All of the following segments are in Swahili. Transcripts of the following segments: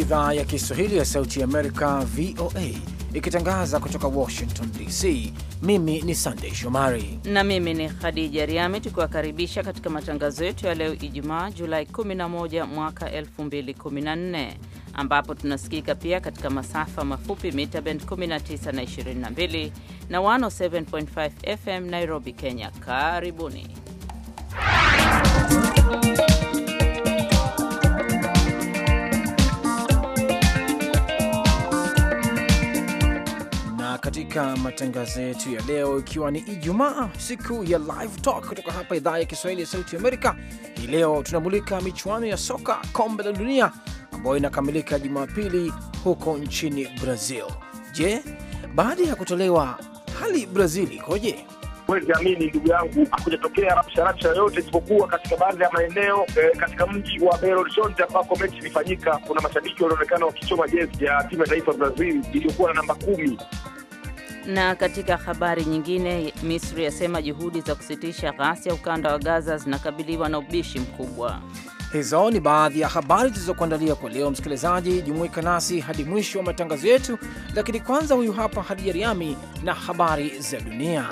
idhaa ya Kiswahili ya Sauti ya Amerika, VOA, ikitangaza kutoka Washington DC. Mimi ni Sandei Shomari na mimi ni Khadija Riami, tukiwakaribisha katika matangazo yetu ya leo Ijumaa, Julai 11 mwaka 2014 ambapo tunasikika pia katika masafa mafupi mita bend 19 na 22 na 107.5 FM Nairobi, Kenya. Karibuni katika matangazo yetu ya leo, ikiwa ni Ijumaa, siku ya live talk kutoka hapa idhaa ya Kiswahili ya Sauti Amerika, hii leo tunamulika michuano ya soka kombe la dunia ambayo inakamilika Jumapili huko nchini Brazil. Je, baada ya kutolewa hali Brazil ikoje? Huwezi amini ndugu yangu, hakujatokea rabsha rabsha yoyote isipokuwa katika baadhi ya maeneo e, katika mji wa Belo Horizonte ambako mechi ilifanyika, kuna mashabiki walionekana wakichoma jezi ya timu ya taifa Brazil iliyokuwa na namba kumi. Na katika habari nyingine, Misri yasema juhudi za kusitisha ghasia ukanda wa Gaza zinakabiliwa na ubishi mkubwa. Hizo ni baadhi ya habari zilizokuandalia kwa leo. Msikilizaji, jumuika nasi hadi mwisho wa matangazo yetu, lakini kwanza, huyu hapa Hadija Riami na habari za dunia.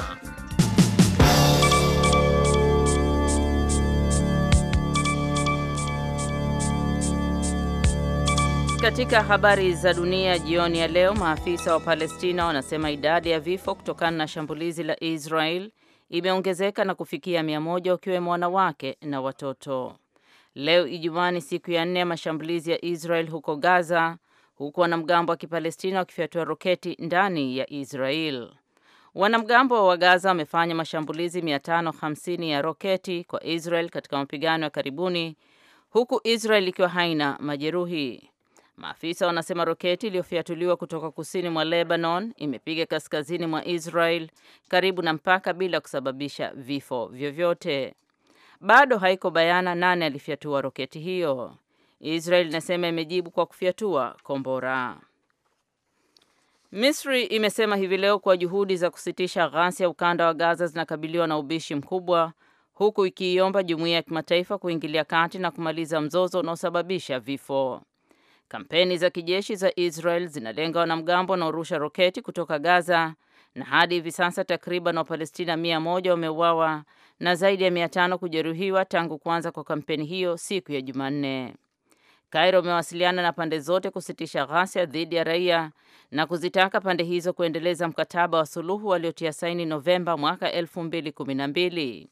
Katika habari za dunia jioni ya leo, maafisa wa Palestina wanasema idadi ya vifo kutokana na shambulizi la Israel imeongezeka na kufikia mia moja wakiwemo wanawake na watoto. Leo Ijumaa ni siku ya nne ya mashambulizi ya Israel huko Gaza, huku wanamgambo wa Kipalestina wakifyatua roketi ndani ya Israel. Wanamgambo wa Gaza wamefanya mashambulizi 550 ya roketi kwa Israel katika mapigano ya karibuni, huku Israel ikiwa haina majeruhi. Maafisa wanasema roketi iliyofyatuliwa kutoka kusini mwa Lebanon imepiga kaskazini mwa Israel karibu na mpaka bila kusababisha vifo vyovyote. Bado haiko bayana nani alifyatua roketi hiyo. Israel inasema imejibu kwa kufyatua kombora. Misri imesema hivi leo kuwa juhudi za kusitisha ghasia ukanda wa Gaza zinakabiliwa na ubishi mkubwa huku ikiiomba jumuiya ya kimataifa kuingilia kati na kumaliza mzozo unaosababisha vifo. Kampeni za kijeshi za Israel zinalenga wanamgambo wanaorusha roketi kutoka Gaza na hadi hivi sasa takriban Wapalestina mia moja wameuawa na zaidi ya mia tano kujeruhiwa tangu kuanza kwa kampeni hiyo siku ya Jumanne. Kairo imewasiliana na pande zote kusitisha ghasia dhidi ya raia na kuzitaka pande hizo kuendeleza mkataba wa suluhu waliotia saini Novemba mwaka 2012.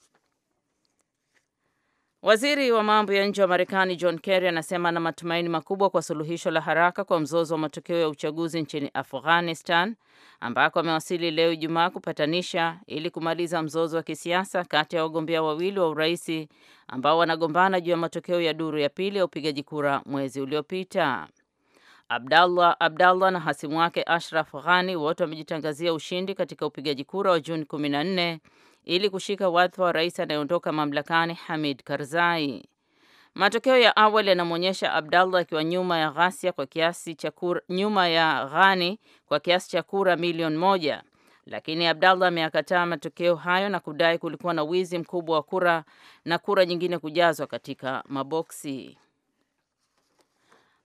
Waziri wa mambo ya nje wa Marekani John Kerry anasema ana matumaini makubwa kwa suluhisho la haraka kwa mzozo wa matokeo ya uchaguzi nchini Afghanistan ambako amewasili leo Ijumaa kupatanisha ili kumaliza mzozo wa kisiasa kati ya wagombea wawili wa uraisi ambao wanagombana juu ya matokeo ya duru ya pili ya upigaji kura mwezi uliopita. Abdallah Abdallah na hasimu wake Ashraf Ghani wote wamejitangazia ushindi katika upigaji kura wa Juni 14 ili kushika wadhifa wa rais anayeondoka mamlakani Hamid Karzai. Matokeo ya awali yanamwonyesha Abdallah akiwa nyuma ya ghasia kwa kiasi cha kura, nyuma ya Ghani kwa kiasi cha kura milioni moja, lakini Abdallah ameyakataa matokeo hayo na kudai kulikuwa na wizi mkubwa wa kura na kura nyingine kujazwa katika maboksi.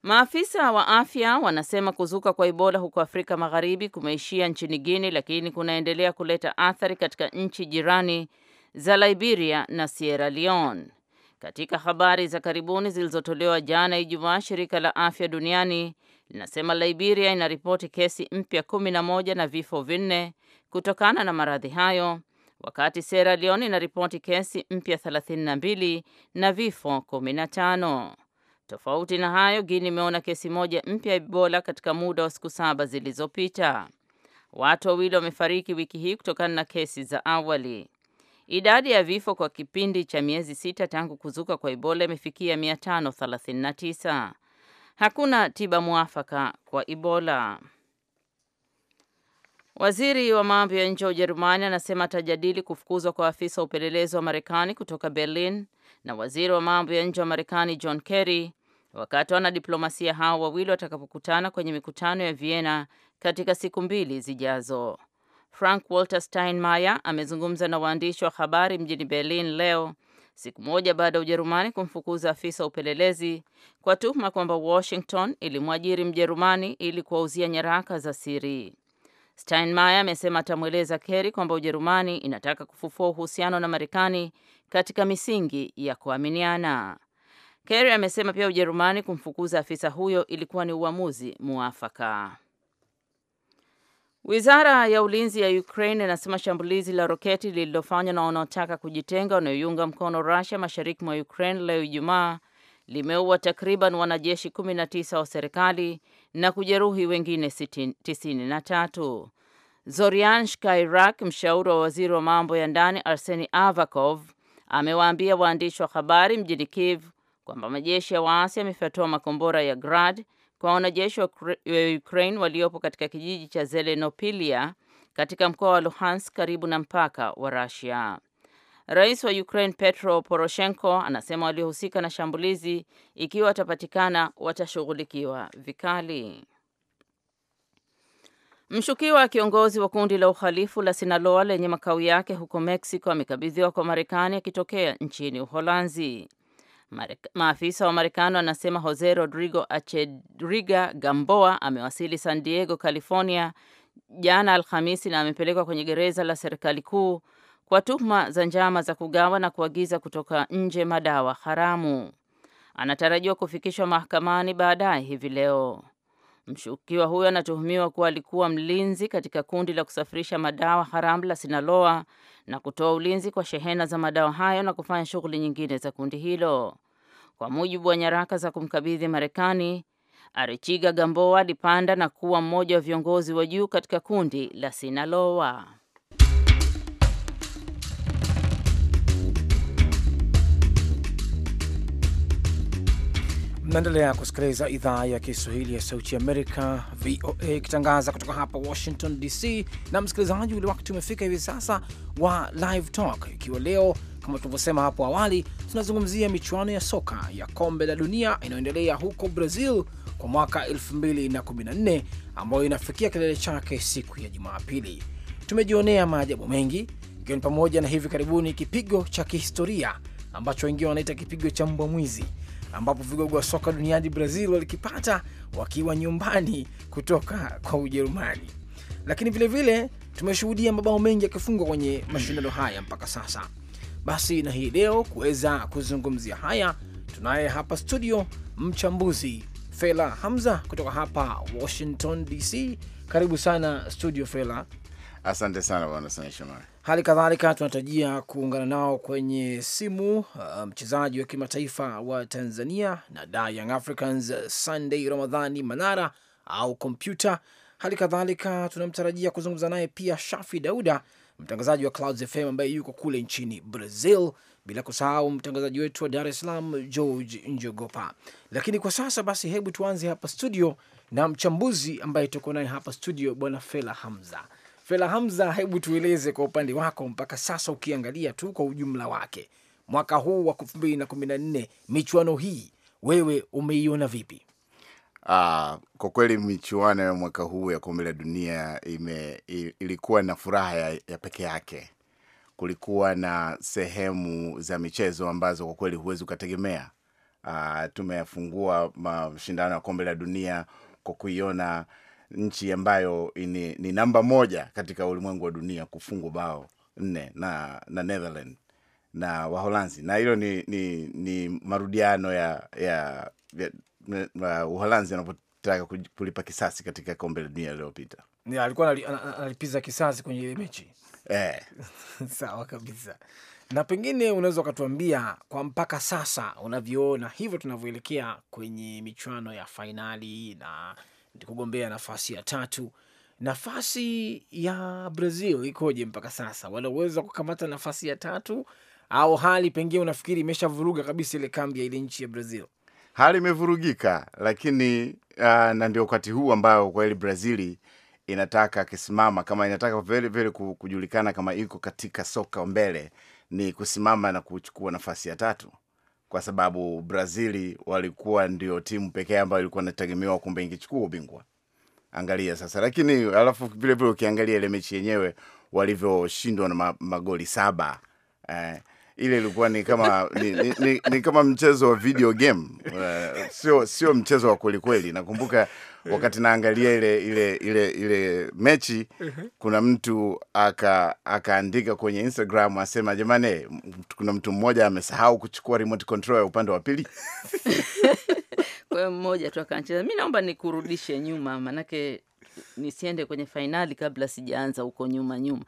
Maafisa wa afya wanasema kuzuka kwa Ebola huko Afrika Magharibi kumeishia nchini Guinea lakini kunaendelea kuleta athari katika nchi jirani za Liberia na Sierra Leone. Katika habari za karibuni zilizotolewa jana Ijumaa, shirika la afya duniani linasema Liberia inaripoti kesi mpya 11 na na vifo vinne kutokana na maradhi hayo, wakati Sierra Leone inaripoti kesi mpya 32 na vifo 15. Tofauti na hayo, Guinea imeona kesi moja mpya ya Ebola katika muda wa siku saba zilizopita. Watu wawili wamefariki wiki hii kutokana na kesi za awali. Idadi ya vifo kwa kipindi cha miezi sita tangu kuzuka kwa Ebola imefikia 539. Hakuna tiba mwafaka kwa Ebola. Waziri wa mambo ya nje wa Ujerumani anasema atajadili kufukuzwa kwa afisa wa upelelezi wa Marekani kutoka Berlin na waziri wa mambo ya nje wa Marekani John Kerry wakati wanadiplomasia hao wawili watakapokutana kwenye mikutano ya Vienna katika siku mbili zijazo. Frank Walter Steinmeier amezungumza na waandishi wa habari mjini Berlin leo, siku moja baada ya Ujerumani kumfukuza afisa upelelezi kwa tuhuma kwamba Washington ilimwajiri Mjerumani ili kuwauzia nyaraka za siri. Steinmeier amesema atamweleza Kerry kwamba Ujerumani inataka kufufua uhusiano na Marekani katika misingi ya kuaminiana. Kerry amesema pia Ujerumani kumfukuza afisa huyo ilikuwa ni uamuzi muafaka. Wizara ya ulinzi ya Ukraine inasema shambulizi la roketi lililofanywa na wanaotaka kujitenga wanaoiunga mkono Russia mashariki mwa Ukraine leo Ijumaa limeua takriban wanajeshi 19 wa serikali na kujeruhi wengine 93. Zorian Shkairak, mshauri wa waziri wa mambo ya ndani Arseni Avakov, amewaambia waandishi wa habari mjini Kiev kwamba majeshi ya waasi yamefyatua makombora ya Grad kwa wanajeshi wa Ukraine waliopo katika kijiji cha Zelenopilia katika mkoa wa Luhansk karibu na mpaka wa Russia. Rais wa Ukraine Petro Poroshenko anasema waliohusika na shambulizi ikiwa watapatikana watashughulikiwa vikali. Mshukiwa kiongozi wa kundi la uhalifu la Sinaloa lenye makao yake huko Mexico amekabidhiwa kwa Marekani akitokea nchini Uholanzi. Maafisa wa Marekani wanasema Jose Rodrigo Achedriga Gamboa amewasili San Diego, California jana Alhamisi na amepelekwa kwenye gereza la serikali kuu kwa tuhuma za njama za kugawa na kuagiza kutoka nje madawa haramu. Anatarajiwa kufikishwa mahakamani baadaye hivi leo. Mshukiwa huyo anatuhumiwa kuwa alikuwa mlinzi katika kundi la kusafirisha madawa haramu la Sinaloa na kutoa ulinzi kwa shehena za madawa hayo na kufanya shughuli nyingine za kundi hilo. Kwa mujibu wa nyaraka za kumkabidhi Marekani, Arichiga Gamboa alipanda na kuwa mmoja wa viongozi wa juu katika kundi la Sinaloa. naendelea kusikiliza idhaa ya Kiswahili ya Sauti Amerika, VOA, ikitangaza kutoka hapa Washington DC. Na msikilizaji, ule wakati umefika hivi sasa wa Live Talk, ikiwa leo kama tulivyosema hapo awali, tunazungumzia michuano ya soka ya kombe la dunia inayoendelea huko Brazil kwa mwaka 2014 ambayo inafikia kilele chake siku ya jumaapili Tumejionea maajabu mengi, ikiwa ni pamoja na hivi karibuni kipigo cha kihistoria ambacho wengine wanaita kipigo cha mbwa mwizi ambapo vigogo wa soka duniani Brazil walikipata wakiwa nyumbani kutoka kwa Ujerumani. Lakini vilevile tumeshuhudia mabao mengi yakifungwa kwenye mashindano haya mpaka sasa. Basi na hii leo kuweza kuzungumzia haya, tunaye hapa studio mchambuzi Fela Hamza kutoka hapa Washington DC. Karibu sana studio Fela. Asante sana bwana Sande Shomari. Hali kadhalika tunatarajia kuungana nao kwenye simu uh, mchezaji um, wa kimataifa wa Tanzania na Da Young Africans uh, Sunday Ramadhani Manara au kompyuta. Hali kadhalika tunamtarajia kuzungumza naye pia Shafi Dauda, mtangazaji wa Clouds FM ambaye yuko kule nchini Brazil, bila kusahau mtangazaji wetu wa Dar es Salaam George Njogopa. Lakini kwa sasa basi, hebu tuanze hapa studio na mchambuzi ambaye tuko naye hapa studio, bwana Fela Hamza. Fela Hamza, hebu tueleze kwa upande wako, mpaka sasa ukiangalia tu kwa ujumla wake mwaka huu wa elfu mbili na kumi na nne michuano hii wewe umeiona vipi? Aa, ah, kwa kweli michuano ya mwaka huu ya kombe la dunia ime, ilikuwa na furaha ya, ya peke yake. Kulikuwa na sehemu za michezo ambazo kwa kweli huwezi ukategemea. Ah, tumeyafungua mashindano ya kombe la dunia kwa kuiona nchi ambayo ni, ni namba moja katika ulimwengu wa dunia kufungwa bao nne na na Netherland na Waholanzi, na hilo ni, ni, ni marudiano ya ya, ya Uholanzi anapotaka kulipa kisasi katika kombe la dunia lililopita. Alikuwa analipiza kisasi kwenye ile mechi eh. Sawa kabisa na pengine unaweza ukatuambia kwa mpaka sasa unavyoona hivyo tunavyoelekea kwenye michuano ya fainali na kugombea nafasi ya tatu. Nafasi ya Brazil ikoje mpaka sasa? Wanaweza kukamata nafasi ya tatu au hali pengine unafikiri imeshavuruga kabisa ile kambi ya ile nchi ya Brazil? Hali imevurugika, lakini uh, na ndio wakati huu ambayo kweli Brazili inataka akisimama kama inataka vile vile kujulikana kama iko katika soka mbele, ni kusimama na kuchukua nafasi ya tatu kwa sababu Brazili walikuwa ndio timu pekee ambayo ilikuwa inategemewa, kumbe ingechukua ubingwa. Angalia sasa. Lakini alafu vilevile ukiangalia ile mechi yenyewe walivyoshindwa na magoli saba eh, ile ilikuwa ni kama ni, ni, ni, ni kama mchezo wa video game uh, sio sio mchezo wa kweli kweli. Nakumbuka wakati naangalia ile ile ile ile mechi Kuna mtu aka akaandika kwenye Instagram asema, jamani, kuna mtu mmoja amesahau kuchukua remote control ya upande wa pili kwa hiyo mmoja tu akancheza. Mi naomba nikurudishe nyuma, manake nisiende kwenye fainali kabla sijaanza huko nyuma nyuma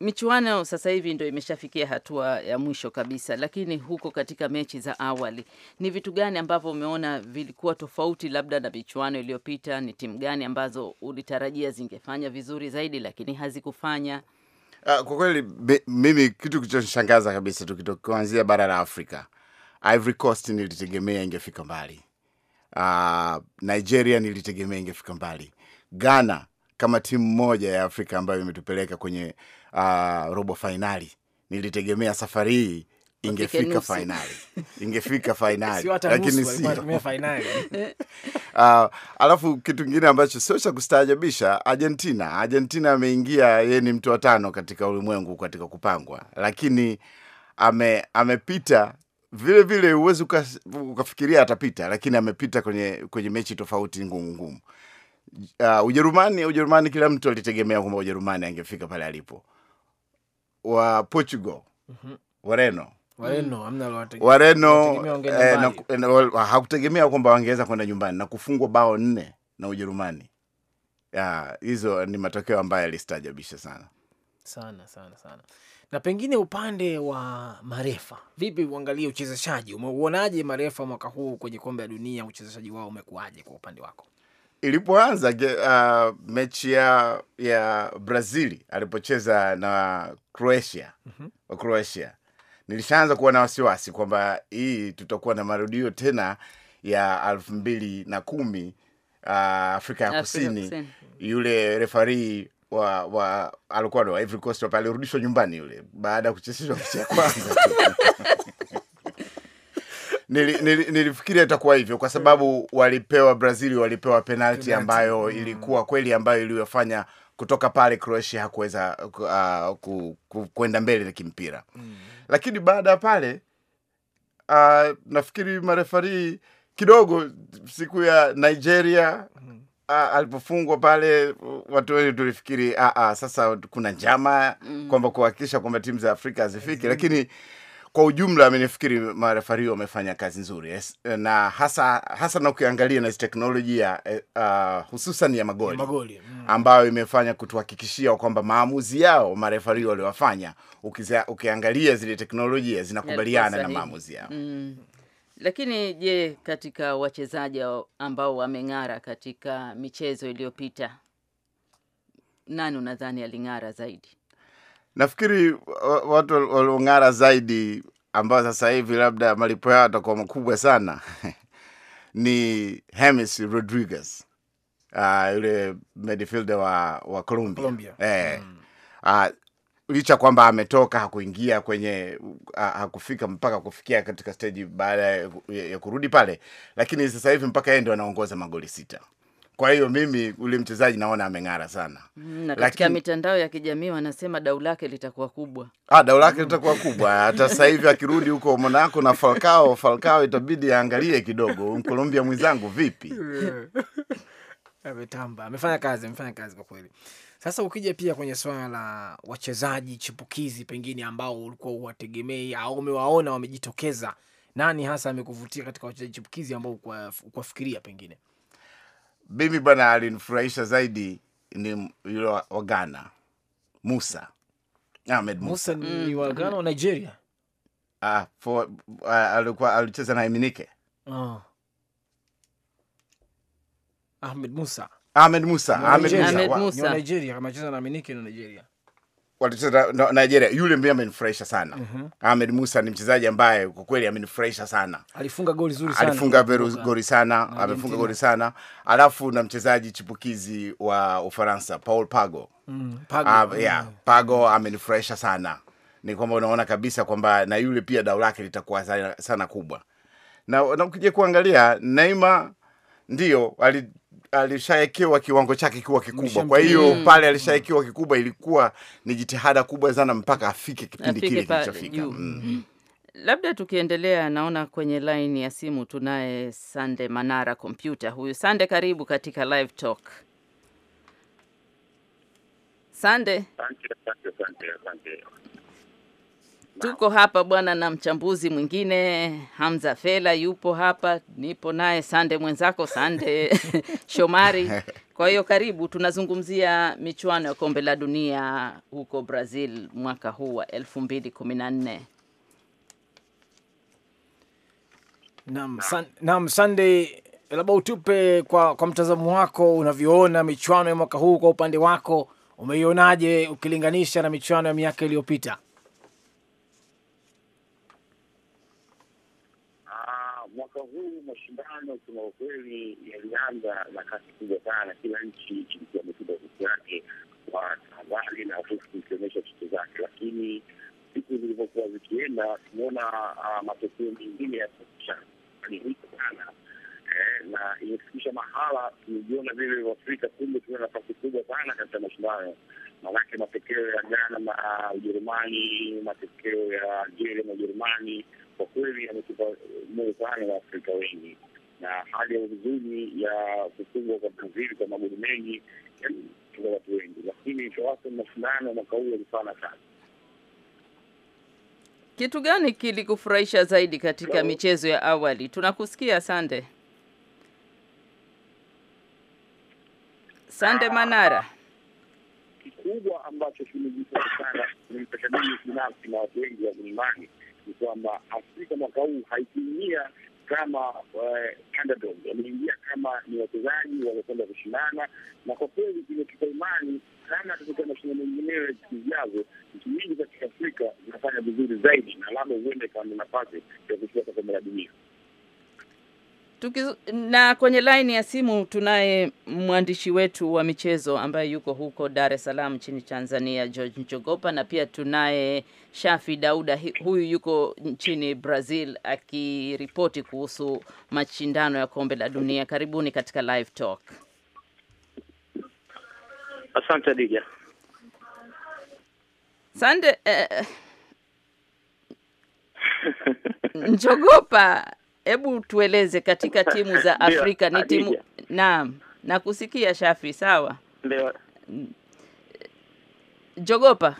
michuano sasa hivi ndio imeshafikia hatua ya mwisho kabisa, lakini huko katika mechi za awali, ni vitu gani ambavyo umeona vilikuwa tofauti labda na michuano iliyopita? Ni timu gani ambazo ulitarajia zingefanya vizuri zaidi lakini hazikufanya? Uh, kwa kweli mimi kitu kilichoshangaza kabisa tukianzia bara la Afrika, Ivory Coast nilitegemea ingefika mbali. Uh, Nigeria nilitegemea ingefika mbali. Ghana kama timu moja ya Afrika ambayo imetupeleka kwenye uh, robo fainali. Nilitegemea safari hii ingefika fainali ingefika fainali lakini sio uh, alafu kitu kingine ambacho sio cha kustaajabisha, Argentina Argentina ameingia yeye ni mtu wa tano katika ulimwengu katika kupangwa, lakini ame, amepita vile vile, huwezi ukafikiria atapita, lakini amepita kwenye, kwenye mechi tofauti ngumu ngumu. Uh, Ujerumani Ujerumani, kila mtu alitegemea kwamba Ujerumani angefika pale alipo wa Portugal mm-hmm. Wareno Wareno, Wareno eh, eh hakutegemea kwamba wangeweza kwenda nyumbani na kufungwa bao nne na Ujerumani. Hizo ni matokeo ambayo yalistajabisha sana sana sana sana. Na pengine upande wa marefa, vipi uangalie uchezeshaji, umeuonaje marefa mwaka huu kwenye kombe la dunia? Uchezeshaji wao umekuwaje kwa upande wako? ilipoanza uh, mechi ya ya Brazil alipocheza na Croatia mm -hmm. Croatia, nilishaanza kuwa na wasiwasi kwamba hii tutakuwa na marudio tena ya elfu mbili na kumi uh, Afrika ya Kusini, Kusini. Yule refarii wa, wa alikuwa wa alirudishwa nyumbani yule baada ya kuchezeshwa mechi ya kwanza nilifikiria itakuwa hivyo kwa sababu eh. walipewa Brazil walipewa penalti ambayo mm. ilikuwa kweli ambayo iliyofanya kutoka pale Croatia hakuweza uh, ku, kwenda mbele na kimpira mm. Lakini baada ya pale uh, nafikiri marefari kidogo siku ya Nigeria mm. Uh, alipofungwa pale watu wengi tulifikiri uh, uh, sasa kuna njama mm. kwamba kuhakikisha kwamba timu za Afrika hazifiki mm. lakini kwa ujumla minifikiri marefari wamefanya kazi nzuri yes. na hasa hasa na ukiangalia na teknolojia uh, eh, ah, hususan ya magoli, magoli. Mm. ambayo imefanya kutuhakikishia kwamba maamuzi yao marefari waliwafanya ukiangalia zile teknolojia zinakubaliana na maamuzi yao mm. Lakini je, katika wachezaji ambao wameng'ara katika michezo iliyopita, nani unadhani aling'ara zaidi? Nafikiri watu waliong'ara zaidi ambao sasa hivi labda malipo yao atakuwa makubwa sana ni Hemis Rodriguez uh, yule midfielder wa, wa columbia, columbia. Eh, mm. uh, licha kwamba ametoka hakuingia kwenye uh, hakufika mpaka kufikia katika steji baada ya, ya kurudi pale, lakini sasa hivi mpaka yeye ndio anaongoza magoli sita. Kwa hiyo mimi ule mchezaji naona ameng'ara sana mm, na katika Lakin... mitandao ya kijamii wanasema dau lake litakuwa kubwa. Ah, dau lake litakuwa kubwa hata sasa hivi akirudi huko Monaco na Falcao, Falcao itabidi aangalie kidogo Mkolombia mwenzangu vipi. Eh, ametamba, amefanya kazi, amefanya kazi kwa kweli. Sasa ukija pia kwenye swala la wachezaji chipukizi pengine ambao ulikuwa uwategemei au umewaona wamejitokeza, nani hasa amekuvutia katika wachezaji chipukizi ambao ukuwafikiria pengine? mimi bwana alinifurahisha zaidi ni yule wa Ghana Musa Ahmed Musa, Musa ni mm. wa Ghana wa Nigeria. Ah, for, uh, alikuwa alicheza na Eminike. Oh. Ah. Ahmed Musa Ahmed Musa Ahmed Musa, Ahmed Musa. Ni wa Nigeria, amecheza na Eminike na Nigeria walicheza Nigeria, yule mbili amenifurahisha sana. mm -hmm. Ahmed Musa ni mchezaji ambaye kwa kweli amenifurahisha sana, alifunga goli zuri sana, alifunga goli sana, amefunga goli sana, alafu na mchezaji chipukizi wa Ufaransa Paul Pago. mm, Pago. Ah, yeah, Pago amenifurahisha sana, ni kwamba unaona kabisa kwamba na yule pia dao lake litakuwa sana, sana kubwa na, na ukija kuangalia neima ndio alishaekewa kiwango chake kiwa kikubwa, kwa hiyo mm. pale alishaekewa kikubwa, ilikuwa ni jitihada kubwa sana mpaka afike kipindi kile kilichofika mm. Labda tukiendelea, naona kwenye laini ya simu tunaye Sande Manara kompyuta. Huyu Sande, karibu katika live talk. Sande, Tuko hapa bwana na mchambuzi mwingine Hamza Fela yupo hapa, nipo naye Sande mwenzako Sande Shomari. Kwa hiyo karibu, tunazungumzia michuano ya kombe la dunia huko Brazil mwaka huu wa 2014. Naam, naam Sande, labda utupe kwa, kwa mtazamo wako unavyoona michuano ya mwaka huu kwa upande wako umeionaje ukilinganisha na michuano ya miaka iliyopita? mapigano kusema ukweli yalianza na kasi kubwa sana, kila nchi ilikuwa imetuba ofisi yake kwa tahadhari na ofisi ikionyesha chuto zake, lakini siku zilivyokuwa zikienda tumeona ah, matokeo mengine ya sana eh, na imefikisha mahala tumejiona vile Waafrika kumbe tuna nafasi kubwa sana katika mashindano. Maanake matokeo ya Ghana na ah, Ujerumani, matokeo ya Algeria na Ujerumani kwa kweli yametupa moyo sana Waafrika wengi na hali ya uhuzuni ya kufungwa kwa Brazil kwa magoli mengi kwa watu wengi, lakini awasa mashindano mwaka huu yalifana sana. Kitu gani kilikufurahisha zaidi katika so, michezo ya awali? Tunakusikia Sande Sande ah, Manara. Kikubwa ambacho kimejitokeza sana ni binafsi na watu wengi wa Ulimani ni kwamba Afrika mwaka huu haikuingia kama underdog, eh, wameingia kama ni wachezaji wamekwenda kushindana, na kwa kweli imetupa imani kama katika mashindano mengineyo zijazo, nchi nyingi za kiafrika zinafanya vizuri zaidi, na labda huenda ikawa na nafasi ya kufika kombe la dunia. Tukizu, na kwenye laini ya simu tunaye mwandishi wetu wa michezo ambaye yuko huko Dar es Salaam nchini Tanzania, George Njogopa, na pia tunaye Shafi Dauda, huyu yuko nchini Brazil akiripoti kuhusu mashindano ya kombe la dunia. Karibuni katika live talk. Asante Dija. Sande eh, eh. Njogopa hebu tueleze katika timu za Afrika ni timu naam, nakusikia Shafi, sawa Ndio. Jogopa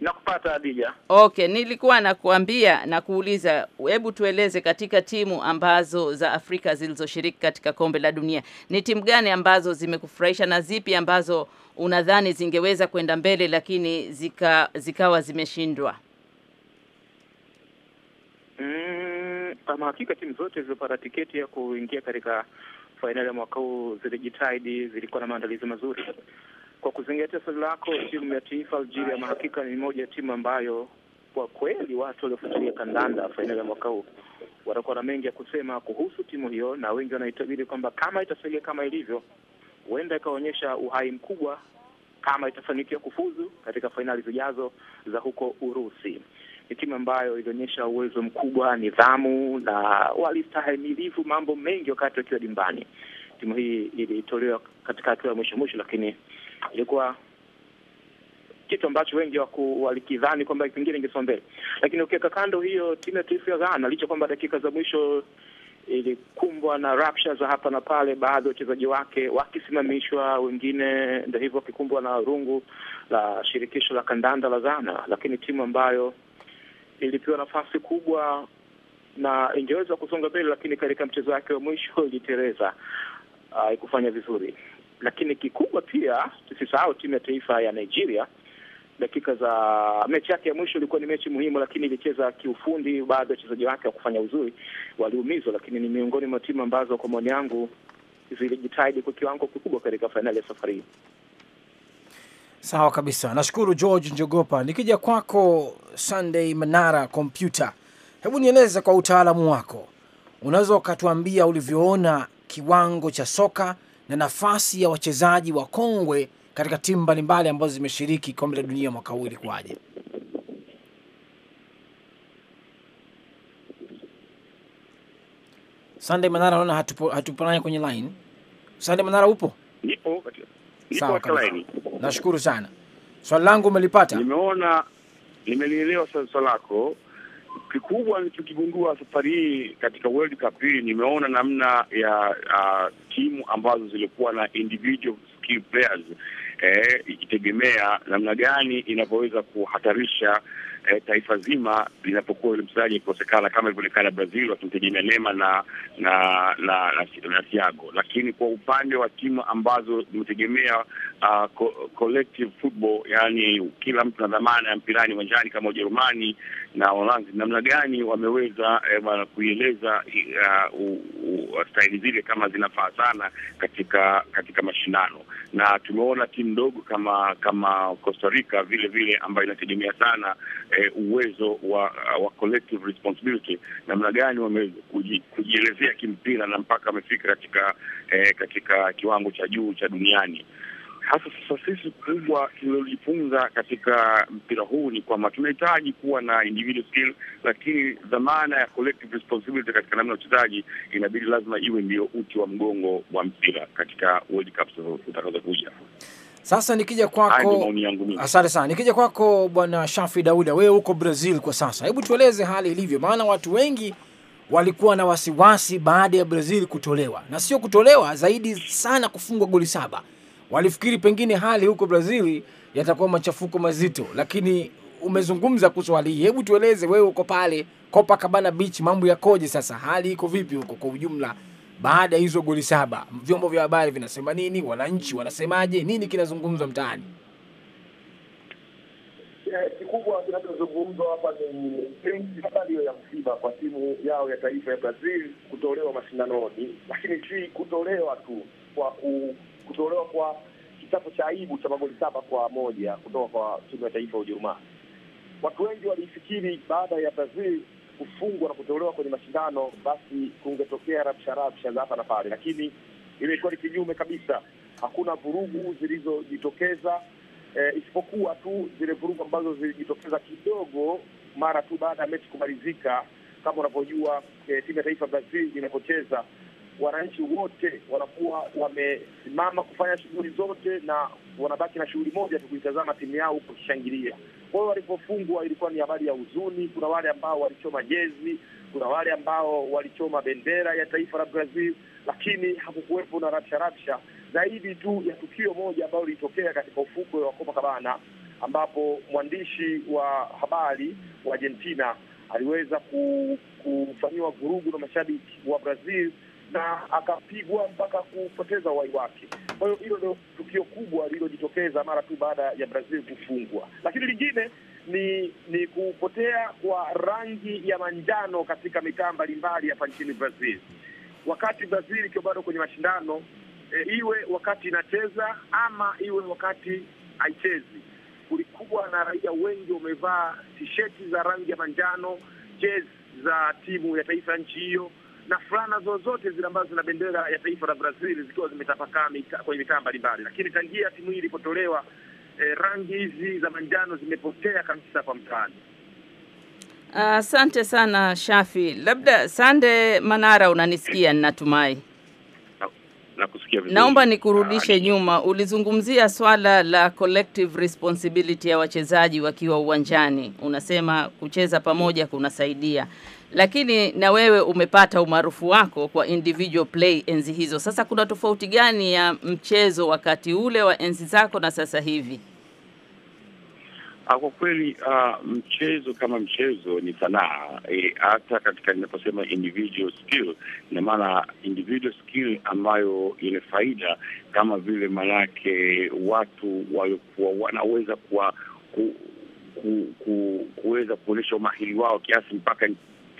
nakupata Adija. Okay, nilikuwa nakuambia na kuuliza, hebu tueleze katika timu ambazo za Afrika zilizoshiriki katika kombe la dunia ni timu gani ambazo zimekufurahisha na zipi ambazo unadhani zingeweza kwenda mbele lakini zika, zikawa zimeshindwa? mm. Ama hakika timu zote zilizopata tiketi ya kuingia katika fainali ya mwaka huu zilijitahidi, zilikuwa na maandalizi mazuri. Kwa kuzingatia swali lako, timu ya taifa Algeria hakika ni moja ya timu ambayo kwa kweli watu waliofuatilia kandanda fainali ya mwaka huu watakuwa na mengi ya kusema kuhusu timu hiyo, na wengi wanaitabiri kwamba kama itasalia kama ilivyo, huenda ikaonyesha uhai mkubwa kama itafanikiwa kufuzu katika fainali zijazo za huko Urusi ni timu ambayo ilionyesha uwezo mkubwa, nidhamu na walistahimilivu mambo mengi wakati wakiwa dimbani. Timu hii ilitolewa katika hatua ya mwisho mwisho, lakini ilikuwa kitu ambacho wengi waku, walikidhani kwamba pengine ingesonga mbele, lakini ukiweka kando hiyo timu ya taifa ya Ghana, licha kwamba dakika za mwisho ilikumbwa na rapsha za hapa na pale, baadhi ya wachezaji wake wakisimamishwa, wengine ndio hivyo wakikumbwa na rungu la shirikisho la kandanda la Ghana, lakini timu ambayo ilipewa nafasi kubwa na ingeweza kusonga mbele, lakini katika mchezo wake wa mwisho ilitereza, uh, haikufanya uh, vizuri. Lakini kikubwa pia tusisahau timu ya taifa ya Nigeria, dakika za mechi yake ya mwisho ilikuwa ni mechi muhimu, lakini ilicheza kiufundi. Baadhi ya wachezaji wake wakufanya uzuri, waliumizwa, lakini ni miongoni mwa timu ambazo kwa maoni yangu zilijitahidi kwa kiwango kikubwa katika fainali ya safari hii. Sawa kabisa, nashukuru George Njogopa. Nikija kwako Sunday Manara kompyuta, hebu nieleze kwa utaalamu wako, unaweza ukatuambia ulivyoona kiwango cha soka na nafasi ya wachezaji wa kongwe katika timu mbalimbali ambazo zimeshiriki kombe la dunia mwaka huu ilikuwaje? Sunday Manara, naona hatupo, hatuponani kwenye line. Sunday Manara, upo? Nipo katika Sawa kabisa, nashukuru sana. Swali langu umelipata? Nimeona, nimelielewa swali lako. Kikubwa nilichokigundua safari hii katika World Cup hii, nimeona namna ya uh, timu ambazo zilikuwa na individual skill players eh, ikitegemea namna gani inavyoweza kuhatarisha e, taifa zima linapokuwa ule mchezaji akikosekana, kama ilivyoonekana Brazil wakimtegemea Neymar na na na, na, Thiago. Lakini kwa upande wa timu ambazo zimetegemea uh, co collective football, yani kila mtu na dhamana ya mpirani uwanjani kama Ujerumani na Uholanzi, namna gani wameweza eh, kuieleza uh, staili zile kama zinafaa sana katika katika mashindano, na tumeona timu ndogo kama kama Costa Rica vile vile ambayo inategemea sana eh, uwezo wa, wa collective responsibility, namna gani wamekujielezea kimpira na mpaka amefika katika eh, katika kiwango cha juu cha duniani. Hasa sasa sisi kubwa tulilojifunza katika mpira huu ni kwamba tunahitaji kuwa na individual skill, lakini dhamana ya collective responsibility katika namna ya uchezaji inabidi lazima iwe ndio uti wa mgongo wa mpira katika World Cup utakazokuja. Sasa nikija kwako, asante sana. Nikija kwako Bwana Shafi Dauda, wewe uko Brazil kwa sasa, hebu tueleze hali ilivyo, maana watu wengi walikuwa na wasiwasi baada ya Brazil kutolewa, na sio kutolewa zaidi sana, kufungwa goli saba. Walifikiri pengine hali huko Brazil yatakuwa machafuko mazito, lakini umezungumza kuhusu hali hii. Hebu tueleze wewe, uko pale Copacabana Beach, mambo yakoje sasa? Hali iko vipi huko kwa ujumla? baada ya hizo goli saba, vyombo vya habari vinasema nini? Wananchi wanasemaje? Nini kinazungumzwa mtaani? Kikubwa kinachozungumzwa hapa ni habari ya msiba kwa timu yao ya taifa ya Brazil kutolewa mashindanoni, lakini si kutolewa tu, kwa kutolewa kwa kichapo cha aibu cha magoli saba kwa moja kutoka kwa timu ya taifa ya Ujerumani. Watu wengi walifikiri baada ya Brazil kufungwa na kutolewa kwenye mashindano, basi kungetokea rabsha rabsha za hapa na pale, lakini imekuwa ni kinyume kabisa. Hakuna vurugu zilizojitokeza e, isipokuwa tu zile vurugu ambazo zilijitokeza kidogo mara tu baada ya mechi kumalizika. Kama unavyojua e, timu ya taifa Brazil inapocheza wananchi wote wanakuwa wamesimama kufanya shughuli zote na wanabaki na shughuli moja tu, kuitazama timu yao kushangilia kwao walipofungwa ilikuwa ni habari ya huzuni. Kuna wale ambao walichoma jezi, kuna wale ambao walichoma bendera ya taifa la Brazil, lakini hakukuwepo na rabsha rabsha zaidi tu ya tukio moja ambalo lilitokea katika ufukwe wa Copacabana ambapo mwandishi wa habari wa Argentina aliweza kufanyiwa vurugu na mashabiki wa Brazil na akapigwa mpaka kupoteza uhai wake. Kwa hiyo hilo ndio tukio kubwa lililojitokeza mara tu baada ya Brazil kufungwa. Lakini lingine ni ni kupotea kwa rangi ya manjano katika mitaa mbalimbali hapa nchini Brazil, wakati Brazil ikiwa bado kwenye mashindano e, iwe wakati inacheza ama iwe wakati haichezi, kulikuwa na raia wengi wamevaa tisheti za rangi ya manjano, jezi za timu ya taifa ya nchi hiyo na fulana zozote zile ambazo zina bendera ya taifa la Brazil zikiwa zimetapakaa mita, kwenye mitaa mbalimbali, lakini tangia timu hii ilipotolewa eh, rangi hizi za manjano zimepotea kabisa kwa mtaani. Asante uh, sana Shafi. Labda Sande Manara, unanisikia? Ninatumai vizuri. Naomba nikurudishe uh, nyuma. Ulizungumzia swala la collective responsibility ya wachezaji wakiwa uwanjani, unasema kucheza pamoja kunasaidia lakini na wewe umepata umaarufu wako kwa individual play enzi hizo. Sasa kuna tofauti gani ya mchezo wakati ule wa enzi zako na sasa hivi? Ah, kwa kweli uh, mchezo kama mchezo ni sanaa e, hata e, katika ninaposema individual skill, ina maana individual skill ambayo ina faida kama vile, manake watu waliokuwa wanaweza kuwa ku, ku, ku, kuweza kuonyesha umahiri wao kiasi mpaka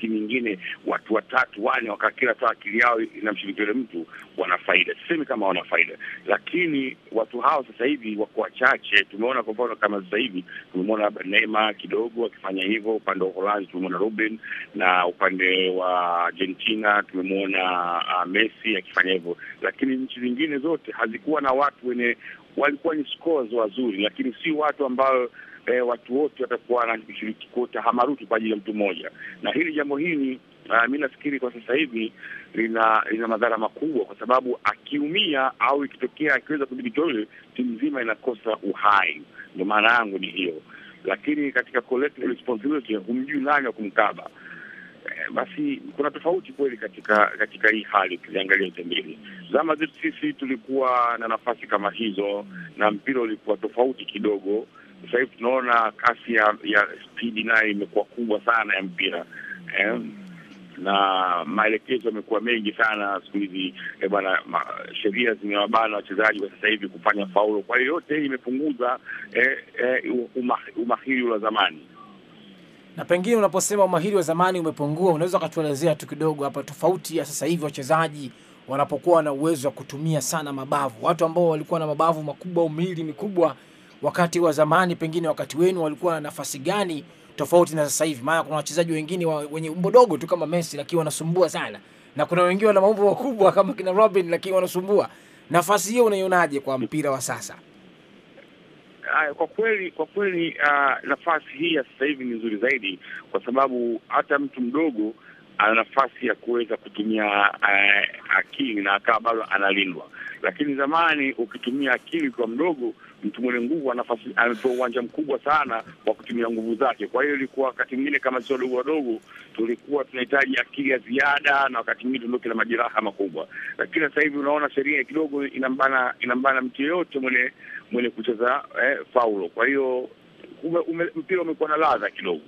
timu nyingine watu watatu wane, wakaa kila saa akili yao inamshirikia yule mtu, wana faida. Sisemi kama wana faida, lakini watu hao sasa hivi wako wachache. Tumeona kwa mfano kama sasa hivi tumemwona labda Neymar kidogo akifanya hivyo, upande wa Uholanzi tumemwona Robin, na upande wa Argentina tumemwona uh, Messi akifanya hivyo, lakini nchi zingine zote hazikuwa na watu wenye walikuwa ni scores wazuri, lakini si watu ambao eh, watu wote watakuwa wanashiriki kuota hamaruti kwa ajili ya mtu mmoja, na hili jambo hili Uh, ah, mi nafikiri kwa sasa hivi lina lina madhara makubwa, kwa sababu akiumia au ikitokea akiweza kudhibiti yule, timu nzima inakosa uhai. Ndio maana yangu ni hiyo, lakini katika collective responsibility humjui nani wa kumkaba. Eh, basi kuna tofauti kweli katika katika hii hali. Tuliangalia zote mbili, zama zetu sisi tulikuwa na nafasi kama hizo na mpira ulikuwa tofauti kidogo sasa hivi tunaona kasi ya, ya spidi nayo imekuwa kubwa sana ya mpira eh? na maelekezo yamekuwa mengi sana siku hizi eh, bwana, sheria zimewabana wachezaji kwa sasa hivi kufanya faulo. Kwa hiyo yote hii imepunguza eh, eh, umahiri wa zamani. Na pengine unaposema umahiri wa zamani umepungua, unaweza ukatuelezea tu kidogo hapa tofauti ya sasa hivi wachezaji wanapokuwa na uwezo wa kutumia sana mabavu, watu ambao walikuwa na mabavu makubwa, umili, mikubwa wakati wa zamani, pengine wakati wenu walikuwa na nafasi gani tofauti na sasa hivi? Maana kuna wachezaji wengine wa, wenye umbo dogo tu kama Messi lakini wanasumbua sana, na kuna wengine wana maumbo makubwa kama kina Robin lakini wanasumbua. Nafasi hiyo unaionaje kwa mpira wa sasa? Ah, kwa kweli kwa kweli, uh, nafasi hii ya sasa hivi ni nzuri zaidi, kwa sababu hata mtu mdogo ana nafasi ya kuweza kutumia uh, akili na akawa bado analindwa. Lakini zamani ukitumia akili kwa mdogo, mtu mwenye nguvu anafasi amepewa uwanja mkubwa sana wa kutumia nguvu zake. Kwa hiyo ilikuwa wakati mwingine kama sio wadogo wadogo, tulikuwa tunahitaji akili ya ziada, na wakati mwingine tunaoke na majeraha makubwa. Lakini sasa hivi unaona sheria kidogo inambana inambana mtu yeyote mwenye mwenye kucheza eh, faulo. Kwa hiyo mpira umekuwa na ladha kidogo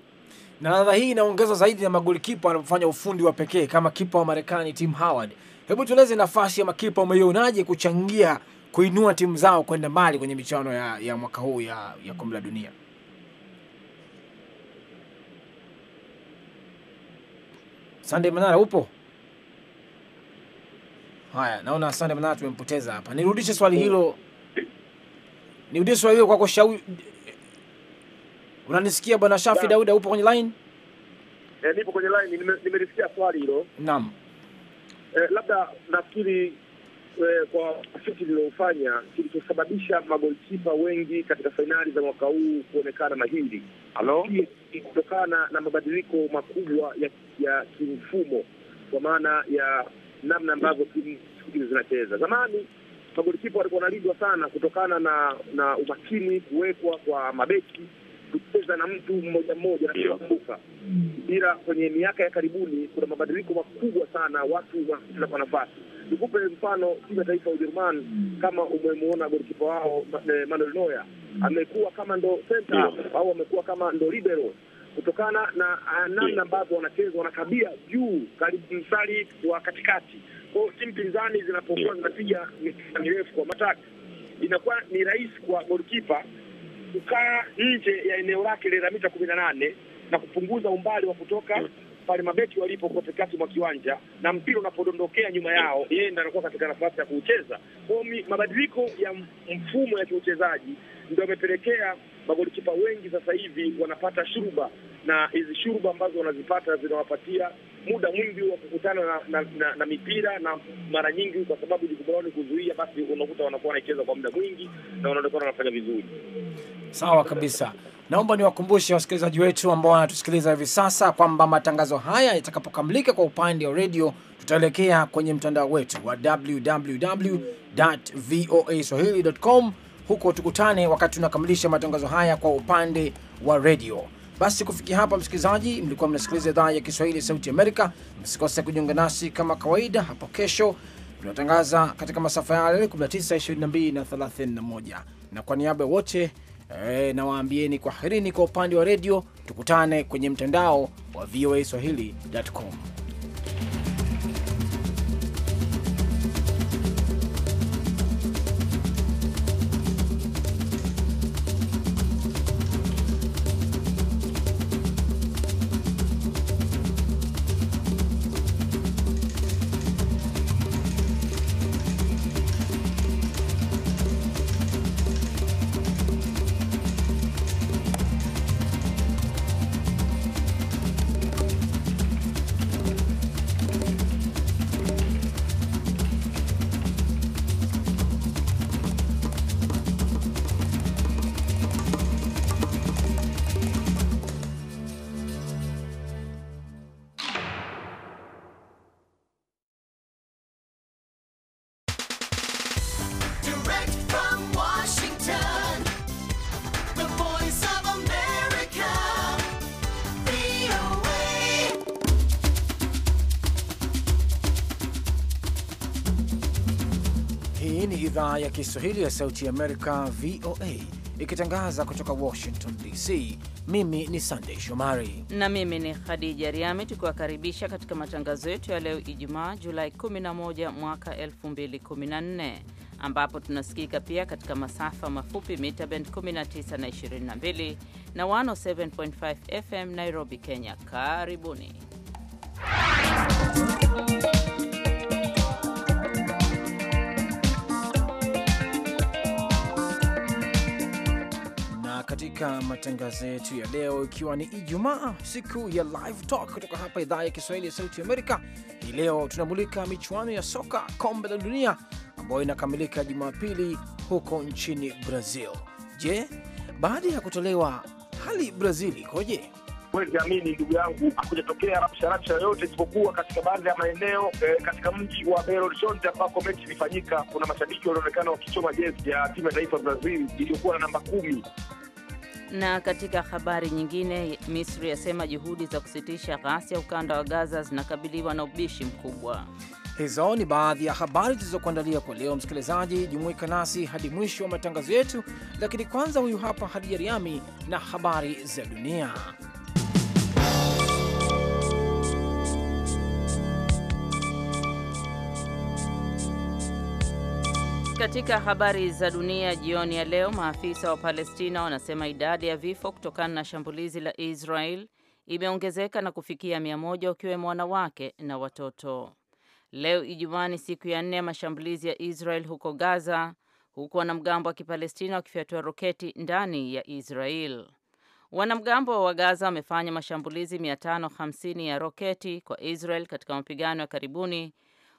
na ladha hii inaongezwa zaidi na magolikipa wanapofanya ufundi wa pekee kama kipa wa Marekani Tim Howard. Hebu tueleze nafasi ya makipa umeionaje kuchangia kuinua timu zao kwenda mbali kwenye michuano ya, ya mwaka huu ya, ya kombe la dunia? Sande Manara upo? Haya, naona Sande Manara tumempoteza hapa. Nirudishe swali hilo, nirudishe swali hilo kwako Shauri. Unanisikia bwana Shafi Dauda, upo kwenye line? Eh, nipo kwenye line, nimelisikia swali hilo. Naam eh, labda nafikiri eh, kwa tafiti niliyofanya kilichosababisha magolikipa wengi katika fainali za mwaka huu kuonekana mahindi kutokana na mabadiliko makubwa ya, ya kimfumo kwa maana ya namna ambavyo timu siku zinacheza. Zamani magolikipa walikuwa wanalindwa sana kutokana na na umakini kuwekwa kwa mabeki kucheza na mtu mmoja mmoja na kila kumbuka, kwenye miaka ya karibuni kuna mabadiliko makubwa sana, watu wanacheza kwa nafasi. Nikupe mfano timu ya taifa ya Ujerumani, kama umemwona golikipa wao eh, Manuel Neuer amekuwa kama ndo center au amekuwa kama ndo libero kutokana na ah, namna ambavyo wanacheza, wanakabia juu karibu msali wa katikati. Kwa hiyo timu pinzani zinapokuwa zinapiga mirefu kwa matatu, inakuwa ni rahisi kwa golikipa kukaa nje ya eneo lake la mita kumi na nane na kupunguza umbali wa kutoka pale mabeki walipo katikati mwa kiwanja na mpira unapodondokea nyuma yao, yeye ndiye anakuwa katika nafasi ya kuucheza. Kwa hiyo mabadiliko ya mfumo ya kiuchezaji ndio amepelekea magolikipa wengi sasa hivi wanapata shuruba, na hizi shuruba ambazo wanazipata zinawapatia muda mwingi wa kukutana na, na, na, na mipira na mara nyingi, kwa sababu jukumu lao ni kuzuia, basi unakuta wanakuwa wanacheza kwa muda mwingi na wanaonekana wanafanya vizuri. Sawa kabisa. Naomba niwakumbushe wasikilizaji wetu ambao wanatusikiliza hivi sasa kwamba matangazo haya yatakapokamilika kwa upande wa redio, tutaelekea kwenye mtandao wetu wa www.voaswahili.com. Huko tukutane wakati tunakamilisha matangazo haya kwa upande wa redio. Basi kufikia hapa, msikilizaji, mlikuwa mnasikiliza idhaa ya Kiswahili ya Sauti Amerika. Msikose kujiunga nasi kama kawaida hapo kesho. Tunatangaza katika masafa yale 19, 22 na 31, na kwa niaba ya wote eh, nawaambieni kwaherini. Kwa upande wa redio, tukutane kwenye mtandao wa voa swahili.com. idhaa ya Kiswahili ya Sauti Amerika, VOA, ikitangaza kutoka Washington DC. Mimi ni Sandei Shomari na mimi ni Khadija Riami, tukiwakaribisha katika matangazo yetu ya leo Ijumaa, Julai 11 mwaka 2014 ambapo tunasikika pia katika masafa mafupi mita bend 19 na 22 na 107.5 FM Nairobi, Kenya. Karibuni katika matangazo yetu ya leo, ikiwa ni Ijumaa, siku ya live talk kutoka hapa idhaa ya Kiswahili ya Sauti Amerika. Hii leo tunamulika michuano ya soka kombe la dunia ambayo inakamilika Jumapili huko nchini Brazil. Je, baada ya kutolewa hali Brazil ikoje? Kweli amini ndugu yangu, hakujatokea rabsha rabsha yoyote isipokuwa katika baadhi ya maeneo eh, katika mji wa Belo Horizonte ambako mechi ilifanyika, kuna mashabiki walionekana wakichoma jezi ya timu ya taifa Brazil iliyokuwa na namba kumi. Na katika habari nyingine, Misri yasema juhudi za kusitisha ghasia ukanda wa Gaza zinakabiliwa na ubishi mkubwa. Hizo ni baadhi ya habari zilizokuandalia kwa leo. Msikilizaji, jumuika nasi hadi mwisho wa matangazo yetu, lakini kwanza, huyu hapa Hadija Riami na habari za dunia. Katika habari za dunia jioni ya leo, maafisa wa Palestina wanasema idadi ya vifo kutokana na shambulizi la Israel imeongezeka na kufikia mia moja wakiwemo wanawake na watoto. Leo Ijumaa ni siku ya nne ya mashambulizi ya Israel huko Gaza, huku wanamgambo wa Kipalestina wakifyatua roketi ndani ya Israel. Wanamgambo wa Gaza wamefanya mashambulizi 550 ya roketi kwa Israel katika mapigano ya karibuni,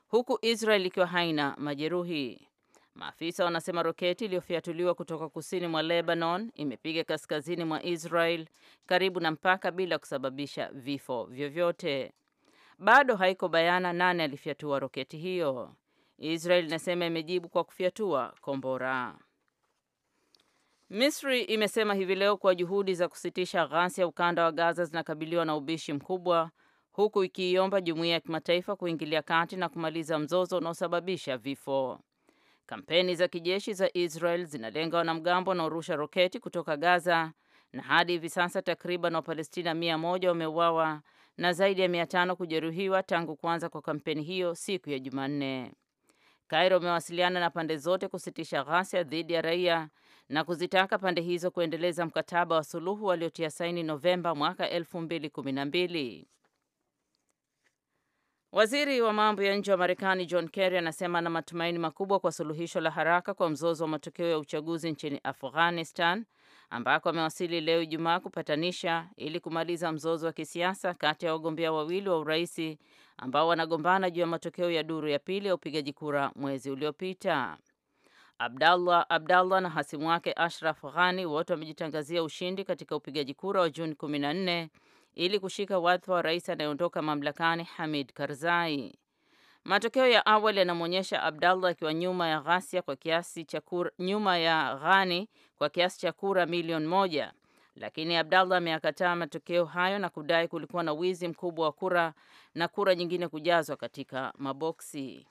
huku Israel ikiwa haina majeruhi. Maafisa wanasema roketi iliyofyatuliwa kutoka kusini mwa Lebanon imepiga kaskazini mwa Israel karibu na mpaka bila kusababisha vifo vyovyote. Bado haiko bayana nani alifyatua roketi hiyo. Israel inasema imejibu kwa kufyatua kombora. Misri imesema hivi leo kuwa juhudi za kusitisha ghasia ukanda wa Gaza zinakabiliwa na ubishi mkubwa huku ikiiomba jumuiya ya kimataifa kuingilia kati na kumaliza mzozo unaosababisha vifo. Kampeni za kijeshi za Israel zinalenga wanamgambo wanaorusha roketi kutoka Gaza, na hadi hivi sasa takriban Wapalestina mia moja wameuawa na zaidi ya mia tano kujeruhiwa tangu kuanza kwa kampeni hiyo siku ya Jumanne. Kairo imewasiliana na pande zote kusitisha ghasia dhidi ya raia na kuzitaka pande hizo kuendeleza mkataba wa suluhu waliotia saini Novemba mwaka 2012. Waziri wa mambo ya nje wa Marekani John Kerry anasema ana matumaini makubwa kwa suluhisho la haraka kwa mzozo wa matokeo ya uchaguzi nchini Afghanistan ambako amewasili leo Ijumaa kupatanisha ili kumaliza mzozo wa kisiasa kati ya wagombea wawili wa uraisi ambao wanagombana juu ya matokeo ya duru ya pili ya upigaji kura mwezi uliopita. Abdallah Abdallah na hasimu wake Ashraf Ghani wote wamejitangazia ushindi katika upigaji kura wa Juni 14 ili kushika wadhifa wa rais anayeondoka mamlakani Hamid Karzai. Matokeo ya awali yanamwonyesha Abdallah akiwa nyuma ya ghasia kwa kiasi cha kura, nyuma ya Ghani kwa kiasi cha kura milioni moja, lakini Abdallah ameyakataa matokeo hayo na kudai kulikuwa na wizi mkubwa wa kura na kura nyingine kujazwa katika maboksi.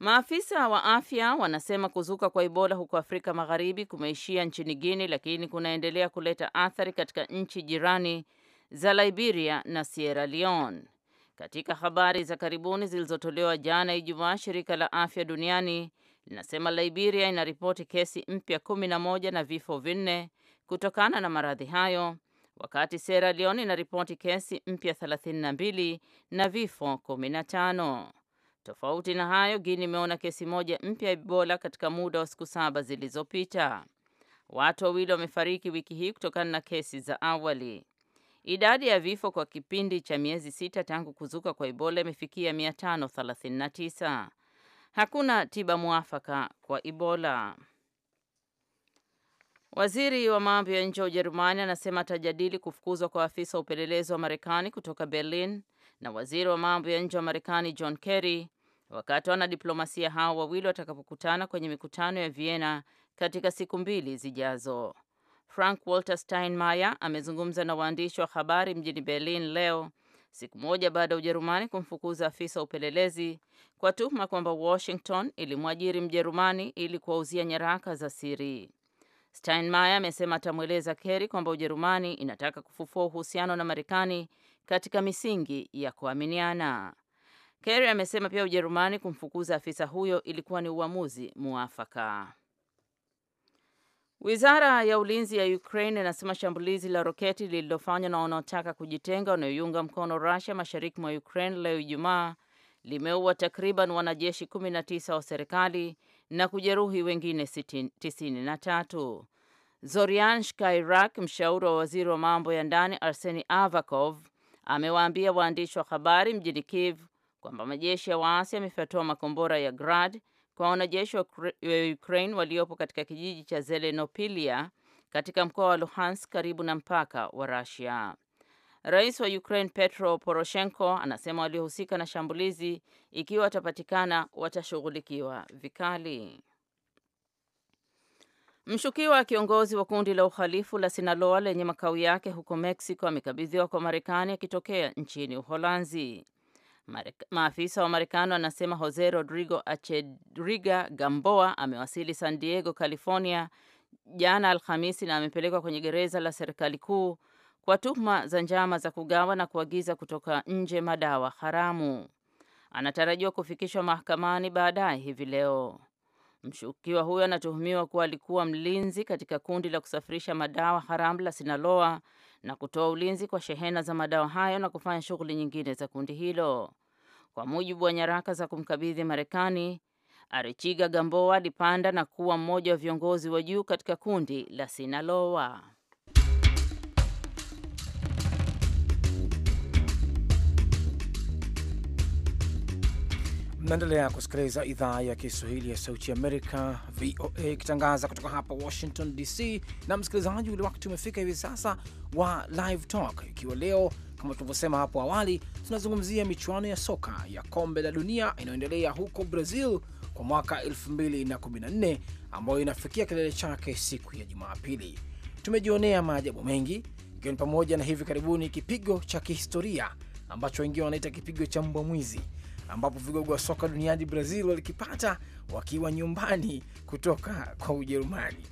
Maafisa wa afya wanasema kuzuka kwa Ebola huko Afrika Magharibi kumeishia nchini Guinea, lakini kunaendelea kuleta athari katika nchi jirani za Liberia na Sierra Leone. Katika habari za karibuni zilizotolewa jana Ijumaa, shirika la afya duniani linasema Liberia inaripoti kesi mpya kumi moja na vifo vinne kutokana na maradhi hayo, wakati Sierra Leone inaripoti kesi mpya 32 na vifo 15. Tofauti na hayo, Guinea imeona kesi moja mpya ya Ebola katika muda wa siku saba zilizopita. Watu wawili wamefariki wiki hii kutokana na kesi za awali. Idadi ya vifo kwa kipindi cha miezi sita tangu kuzuka kwa Ebola imefikia 539. Hakuna tiba mwafaka kwa Ebola. Waziri wa mambo ya nje wa Ujerumani anasema atajadili kufukuzwa kwa afisa wa upelelezi wa Marekani kutoka Berlin na waziri wa mambo ya nje wa Marekani John Kerry wakati wanadiplomasia hao wawili watakapokutana kwenye mikutano ya Vienna katika siku mbili zijazo. Frank Walter Steinmeier amezungumza na waandishi wa habari mjini Berlin leo, siku moja baada ya Ujerumani kumfukuza afisa upelelezi kwa tuhuma kwamba Washington ilimwajiri Mjerumani ili kuwauzia nyaraka za siri. Steinmeier amesema atamweleza Kerry kwamba Ujerumani inataka kufufua uhusiano na Marekani katika misingi ya kuaminiana. Kerry amesema pia Ujerumani kumfukuza afisa huyo ilikuwa ni uamuzi muafaka. Wizara ya ulinzi ya Ukraine inasema shambulizi la roketi lililofanywa na wanaotaka kujitenga wanaoiunga mkono Russia mashariki mwa Ukraine leo Ijumaa limeua takriban wanajeshi 19 wa serikali na kujeruhi wengine 93. Zorian Shkairak, mshauri wa waziri wa mambo ya ndani Arseni Avakov, amewaambia waandishi wa habari mjini Kiev kwamba majeshi ya waasi yamefyatua makombora ya Grad kwa wanajeshi wa Ukraine waliopo katika kijiji cha Zelenopilia katika mkoa wa Luhansk karibu na mpaka wa Russia. Rais wa Ukraine Petro Poroshenko anasema waliohusika na shambulizi ikiwa watapatikana watashughulikiwa vikali. Mshukiwa kiongozi wa kundi la uhalifu la Sinaloa lenye makao yake huko Mexico amekabidhiwa kwa Marekani akitokea nchini Uholanzi. Maafisa wa Marekani wanasema Jose Rodrigo Achedriga Gamboa amewasili San Diego, California jana Alhamisi na amepelekwa kwenye gereza la serikali kuu kwa tuhuma za njama za kugawa na kuagiza kutoka nje madawa haramu. Anatarajiwa kufikishwa mahakamani baadaye hivi leo. Mshukiwa huyo anatuhumiwa kuwa alikuwa mlinzi katika kundi la kusafirisha madawa haramu la Sinaloa na kutoa ulinzi kwa shehena za madawa hayo na kufanya shughuli nyingine za kundi hilo. Kwa mujibu wa nyaraka za kumkabidhi Marekani, Arichiga Gamboa alipanda na kuwa mmoja wa viongozi wa juu katika kundi la Sinaloa. naendelea kusikiliza idhaa ya Kiswahili ya Sauti Amerika, VOA, ikitangaza kutoka hapa Washington DC. Na msikilizaji, ule wakati umefika hivi sasa wa Live Talk, ikiwa leo kama tulivyosema hapo awali, tunazungumzia michuano ya soka ya kombe la dunia inayoendelea huko Brazil kwa mwaka 2014 ambayo inafikia kilele chake siku ya jumaapili Tumejionea maajabu mengi, ikiwa ni pamoja na hivi karibuni kipigo cha kihistoria ambacho wengine wanaita kipigo cha mbwa mwizi ambapo vigogo wa soka duniani Brazil walikipata wakiwa nyumbani kutoka kwa Ujerumani.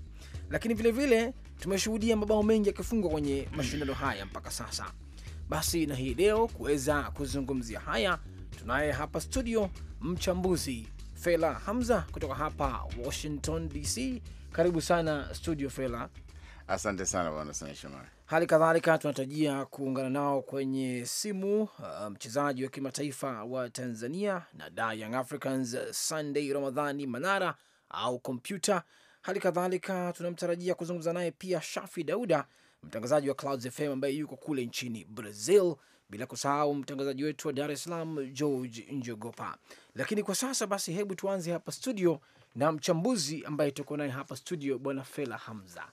Lakini vilevile tumeshuhudia mabao mengi yakifungwa kwenye mashindano haya mpaka sasa. Basi na hii leo kuweza kuzungumzia haya, tunaye hapa studio mchambuzi Fela Hamza kutoka hapa Washington DC. Karibu sana studio Fela. Asante sana bwana Shomari. Hali kadhalika tunatarajia kuungana nao kwenye simu uh, mchezaji um, wa kimataifa wa Tanzania na da Young Africans uh, Sunday Ramadhani Manara au kompyuta. Hali kadhalika tunamtarajia kuzungumza naye pia Shafi Dauda, mtangazaji wa Clouds FM ambaye yuko kule nchini Brazil, bila kusahau mtangazaji wetu wa Dar es Salaam George Njogopa. Lakini kwa sasa basi, hebu tuanze hapa studio na mchambuzi ambaye tuko naye hapa studio, bwana Fela Hamza.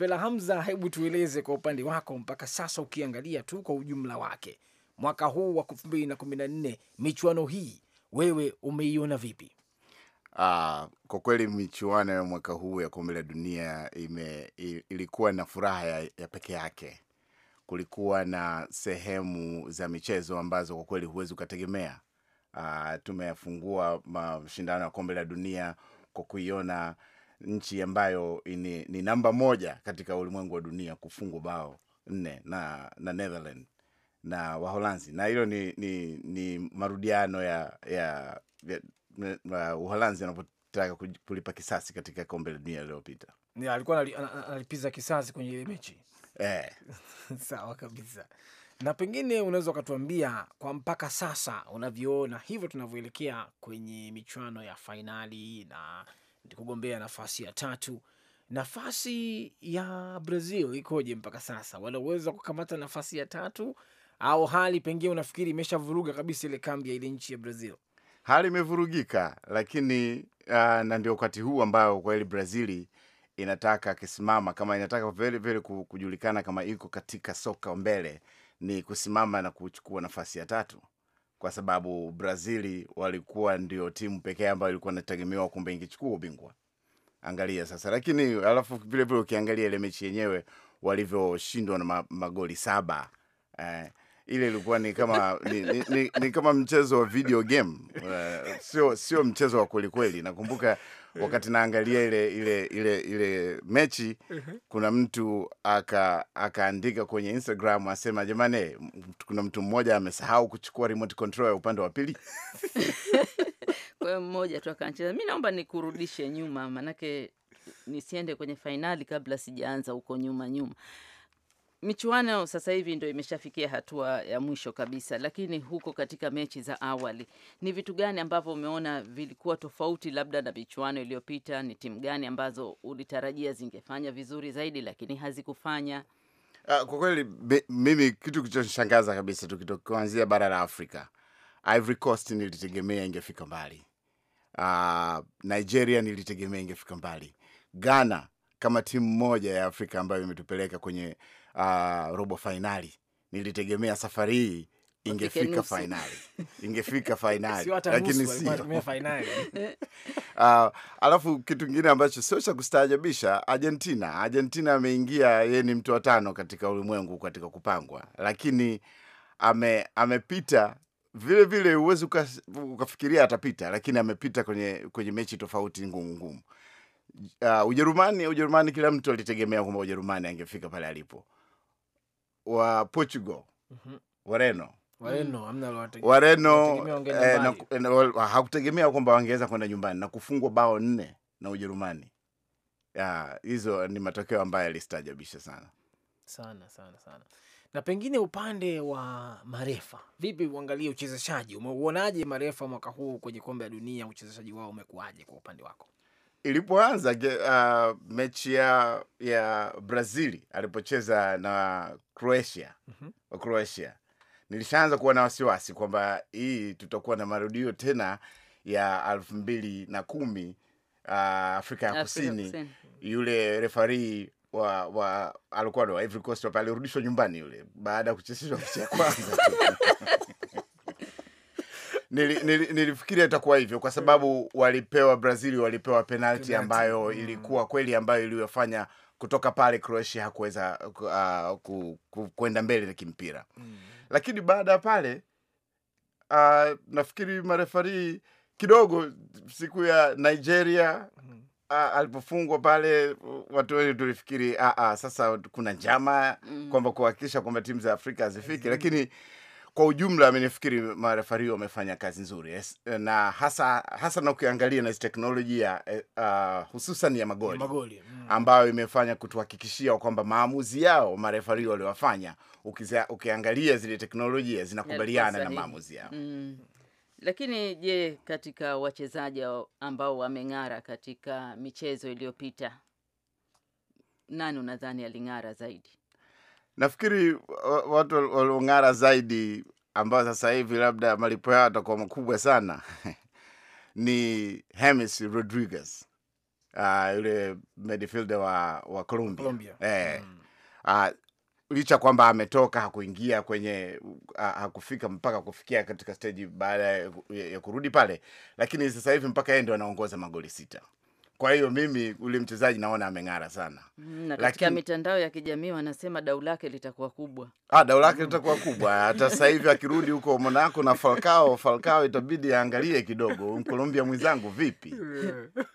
Fela Hamza, hebu tueleze kwa upande wako mpaka sasa, ukiangalia tu kwa ujumla wake mwaka huu wa elfu mbili na kumi na nne michuano hii wewe umeiona vipi? Aa, ah, kwa kweli michuano ya mwaka huu ya kombe la dunia ime, ilikuwa na furaha ya, ya peke yake. Kulikuwa na sehemu za michezo ambazo kwa kweli huwezi ukategemea. Ah, tumeyafungua mashindano ya kombe la dunia kwa kuiona nchi ambayo ni, ni namba moja katika ulimwengu wa dunia kufungwa bao nne na na netherland na Waholanzi, na hilo ni, ni, ni marudiano ya ya, ya, ya Uholanzi anapotaka kulipa kisasi katika kombe la dunia lililopita. Alikuwa analipiza kisasi kwenye ile mechi eh. Sawa kabisa na pengine unaweza ukatuambia kwa mpaka sasa unavyoona hivyo tunavyoelekea kwenye michuano ya fainali na kugombea nafasi ya tatu. Nafasi ya Brazil ikoje mpaka sasa? Wanaweza kukamata nafasi ya tatu au hali pengine unafikiri imeshavuruga kabisa ile kambi ya ile nchi ya Brazil? Hali imevurugika, lakini uh, na ndio wakati huu ambayo kweli Brazili inataka akisimama kama inataka vile vile kujulikana kama iko katika soka mbele, ni kusimama na kuchukua nafasi ya tatu kwa sababu Brazili walikuwa ndio timu pekee ambayo ilikuwa inategemewa kumbe ingechukua ubingwa. Angalia sasa, lakini alafu vilevile vile ukiangalia ile mechi yenyewe walivyoshindwa na magoli saba eh, ile ilikuwa ni kama ni, ni, ni, ni kama mchezo wa video game uh, sio sio mchezo wa kwelikweli. Nakumbuka Eh. wakati naangalia ile ile ile ile mechi uh-huh. Kuna mtu aka akaandika kwenye Instagram asema, jamani, kuna mtu mmoja amesahau kuchukua remote control ya upande wa pili kwa mmoja tu akancheza. Mi naomba nikurudishe nyuma, manake nisiende kwenye fainali kabla sijaanza huko nyuma nyuma michuano sasa hivi ndio imeshafikia hatua ya mwisho kabisa, lakini huko katika mechi za awali, ni vitu gani ambavyo umeona vilikuwa tofauti labda na michuano iliyopita? Ni timu gani ambazo ulitarajia zingefanya vizuri zaidi lakini hazikufanya? Uh, kwa kweli mimi kitu kilichoshangaza kabisa tukianzia bara la Afrika, Ivory Coast nilitegemea ingefika mbali. Uh, Nigeria nilitegemea ingefika mbali. Ghana kama timu moja ya Afrika ambayo imetupeleka kwenye uh, robo fainali. Nilitegemea safari hii ingefika fainali, ingefika fainali lakini sio uh, alafu kitu kingine ambacho sio cha kustaajabisha, Argentina Argentina ameingia yeye ni mtu wa tano katika ulimwengu katika kupangwa, lakini ame, amepita vile vile, huwezi ukafikiria atapita, lakini amepita kwenye, kwenye mechi tofauti ngumu ngumu. Uh, Ujerumani Ujerumani, kila mtu alitegemea kwamba Ujerumani angefika pale alipo wa Portugal mm -hmm. Wareno Wareno, mm. Wareno eh, hakutegemea kwamba wangeweza kwenda nyumbani na kufungwa bao nne na Ujerumani. Hizo ni matokeo ambayo yalistajabisha sana sana sana sana. Na pengine upande wa marefa, vipi uangalie uchezeshaji, umeuonaje marefa mwaka huu kwenye kombe la dunia? Uchezeshaji wao umekuwaje kwa upande wako? ilipoanza uh, mechi ya ya Brazil alipocheza na Croatia mm -hmm. Croatia nilishaanza kuwa na wasiwasi kwamba hii tutakuwa na marudio tena ya elfu mbili na kumi uh, Afrika ya Kusini, Yule refarii wa, wa alikuwa wa alirudishwa nyumbani yule baada ya kuchezeshwa mechi ya kwanza nilifikiria itakuwa hivyo kwa sababu mm. walipewa Brazil walipewa penalti ambayo mm. ilikuwa kweli ambayo iliyofanya kutoka pale Croatia hakuweza uh, ku, ku, mbele na kimpira mm. Lakini baada ya pale uh, nafikiri marefari kidogo siku ya Nigeria mm. Uh, alipofungwa pale watu wengi tulifikiri uh, uh, sasa kuna njama mm. kwamba kuhakikisha kwamba timu za Afrika hazifiki mm. lakini kwa ujumla minifikiri marefari wamefanya kazi nzuri yes. na hasa hasa na ukiangalia na teknolojia uh, eh, ah, hususan ya magoli, magoli. Mm. ambayo imefanya kutuhakikishia kwamba maamuzi yao marefari waliwafanya ukiangalia zile teknolojia zinakubaliana na maamuzi yao mm. Lakini je, katika wachezaji ambao wameng'ara katika michezo iliyopita, nani unadhani aling'ara zaidi? Nafikiri watu waliong'ara zaidi ambao sasa hivi labda malipo yao atakuwa makubwa sana ni Hemis Rodriguez uh, yule midfielder wa, wa Colombia, Eh, mm. uh, licha kwamba ametoka hakuingia kwenye uh, hakufika mpaka kufikia katika steji baada ya, ya kurudi pale, lakini sasa hivi mpaka yeye ndio anaongoza magoli sita. Kwa hiyo mimi ule mchezaji naona ameng'ara sana mm, na katika Lakin... mitandao ya kijamii wanasema dau lake litakuwa kubwa. Ah, dau lake litakuwa kubwa hata sasa hivi akirudi huko Monaco na Falcao, Falcao itabidi aangalie kidogo Mkolombia mwenzangu vipi.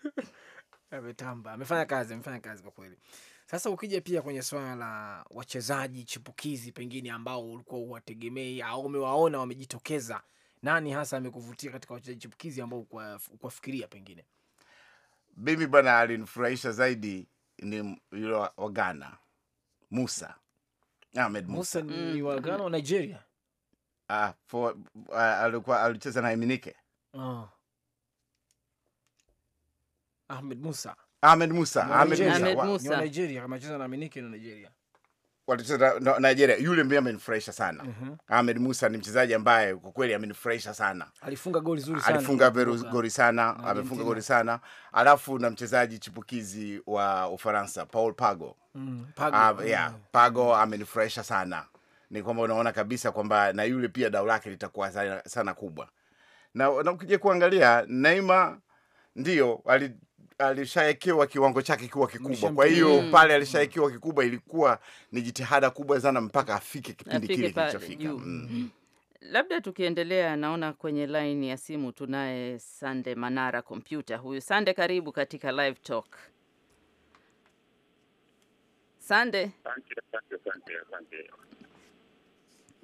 Ametamba, amefanya kazi, amefanya kazi kwa kweli. Sasa ukija pia kwenye swala la wachezaji chipukizi pengine ambao ulikuwa uwategemei au umewaona wamejitokeza, nani hasa amekuvutia katika wachezaji chipukizi ambao ukuwafikiria pengine? mimi bwana alinifurahisha zaidi ni yule wa Ghana Musa Ahmed Musa, Musa ni mm. wa Ghana wa Nigeria. Ah, for uh, alikuwa alicheza na Eminike. Oh. Ah. Ahmed Musa Ahmed Musa Ahmed Musa, Ahmed Musa. Ni wa Nigeria, na Eminike na Nigeria walicheza Nigeria, yule mbia amenifurahisha sana mm -hmm. Ahmed Musa ni mchezaji ambaye kwa kweli amenifurahisha sana, alifunga goli zuri sana, alifunga goli sana, amefunga goli sana, alafu na mchezaji chipukizi wa Ufaransa Paul Pago mm, Pago, ah, yeah, mm. Pago amenifurahisha sana. Ni kwamba unaona kabisa kwamba na yule pia dao lake litakuwa sana, sana kubwa na, na ukija kuangalia neima ndio alishaekewa kiwango chake kiwa kikubwa, kwa hiyo mm. pale alishaekewa kikubwa, ilikuwa ni jitihada kubwa sana mpaka afike kipindi kile kilichofika. Mm. mm. Labda tukiendelea, naona kwenye laini ya simu tunaye Sande Manara kompyuta. Huyu Sande, karibu katika live talk. Sande,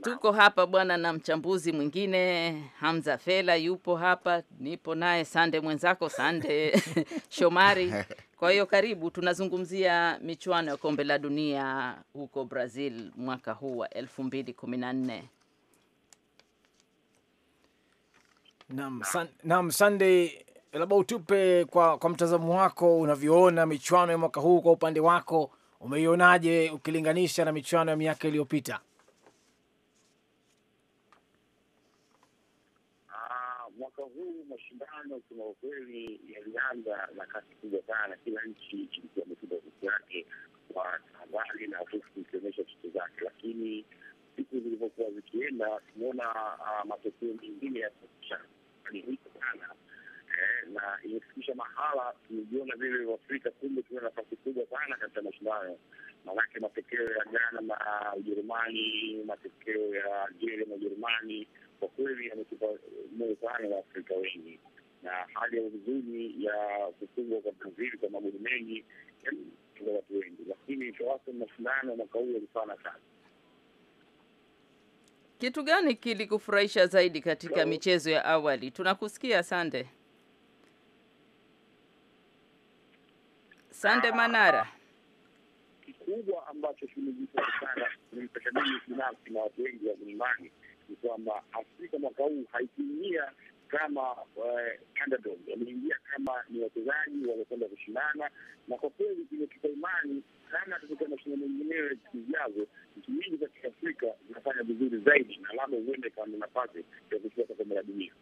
Tuko hapa bwana na mchambuzi mwingine Hamza Fela yupo hapa, nipo naye Sande mwenzako Sande Shomari. Kwa hiyo karibu, tunazungumzia michuano ya kombe la dunia huko Brazil mwaka huu wa 2014. Naam, san, naam Sande, labda utupe kwa, kwa mtazamo wako unavyoona michuano ya mwaka huu kwa upande wako umeionaje ukilinganisha na michuano ya miaka iliyopita? mapigano kusema ukweli yalianza na kasi kubwa sana, kila nchi ilikuwa imetupa ofisi yake kwa tahadhari na huku ikionyesha chuki zake, lakini siku zilivyokuwa zikienda tumeona ah, matokeo mengine ya sana eh, na imefikisha mahala tumejiona vile afrika kumbe tuna nafasi kubwa sana katika mashindano. Maanake matokeo ya Ghana na ah, Ujerumani, matokeo ya Algeria na Ujerumani kwa kweli yametupa moyo sana wa Afrika wengi na hali ya huzuni ya kufungwa kwa Brazil kwa magoli mengi kwa watu wengi, lakini shawasa mashindano mwaka huu yalifana sana. Kitu gani kilikufurahisha zaidi katika Hello? michezo ya awali? Tunakusikia Sande. Sande Manara. Kikubwa ambacho kimejitokeza sana nimtakabili binafsi na watu wengi wa nyumbani ni kwamba Afrika mwaka huu haikuingia kama eh, underdog, wameingia kama ni wachezaji wamekwenda kushindana, na kwa kweli imetupa imani sana. Katika mashindano mengineyo zijazo, nchi nyingi za Kiafrika zinafanya vizuri zaidi, na labda huenda ikawa na nafasi ya kufika kombe la dunia.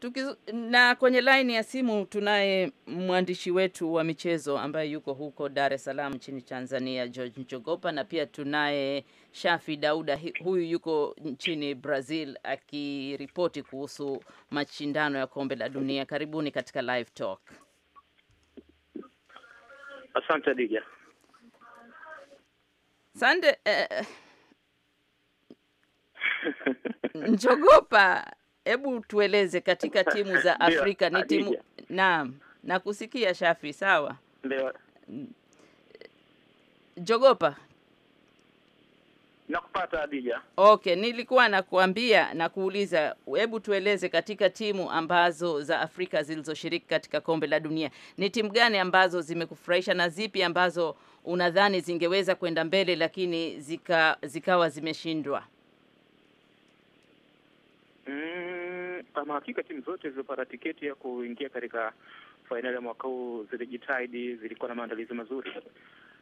Tukizu, na kwenye laini ya simu tunaye mwandishi wetu wa michezo ambaye yuko huko Dar es Salaam nchini Tanzania, George Njogopa, na pia tunaye Shafi Dauda, huyu yuko nchini Brazil akiripoti kuhusu mashindano ya kombe la dunia. Karibuni katika live talk. Asante Dija. Sande eh, eh. Njogopa hebu tueleze katika timu za Afrika ni timu naam, nakusikia Shafi, sawa. Ndio. Jogopa nakupata Adija. Okay, nilikuwa nakuambia na kuuliza, hebu tueleze katika timu ambazo za Afrika zilizoshiriki katika kombe la dunia ni timu gani ambazo zimekufurahisha na zipi ambazo unadhani zingeweza kwenda mbele lakini zika, zikawa zimeshindwa? mm ama hakika timu zote zilizopata tiketi ya kuingia katika fainali ya mwaka huu zilijitahidi, zilikuwa na maandalizi mazuri.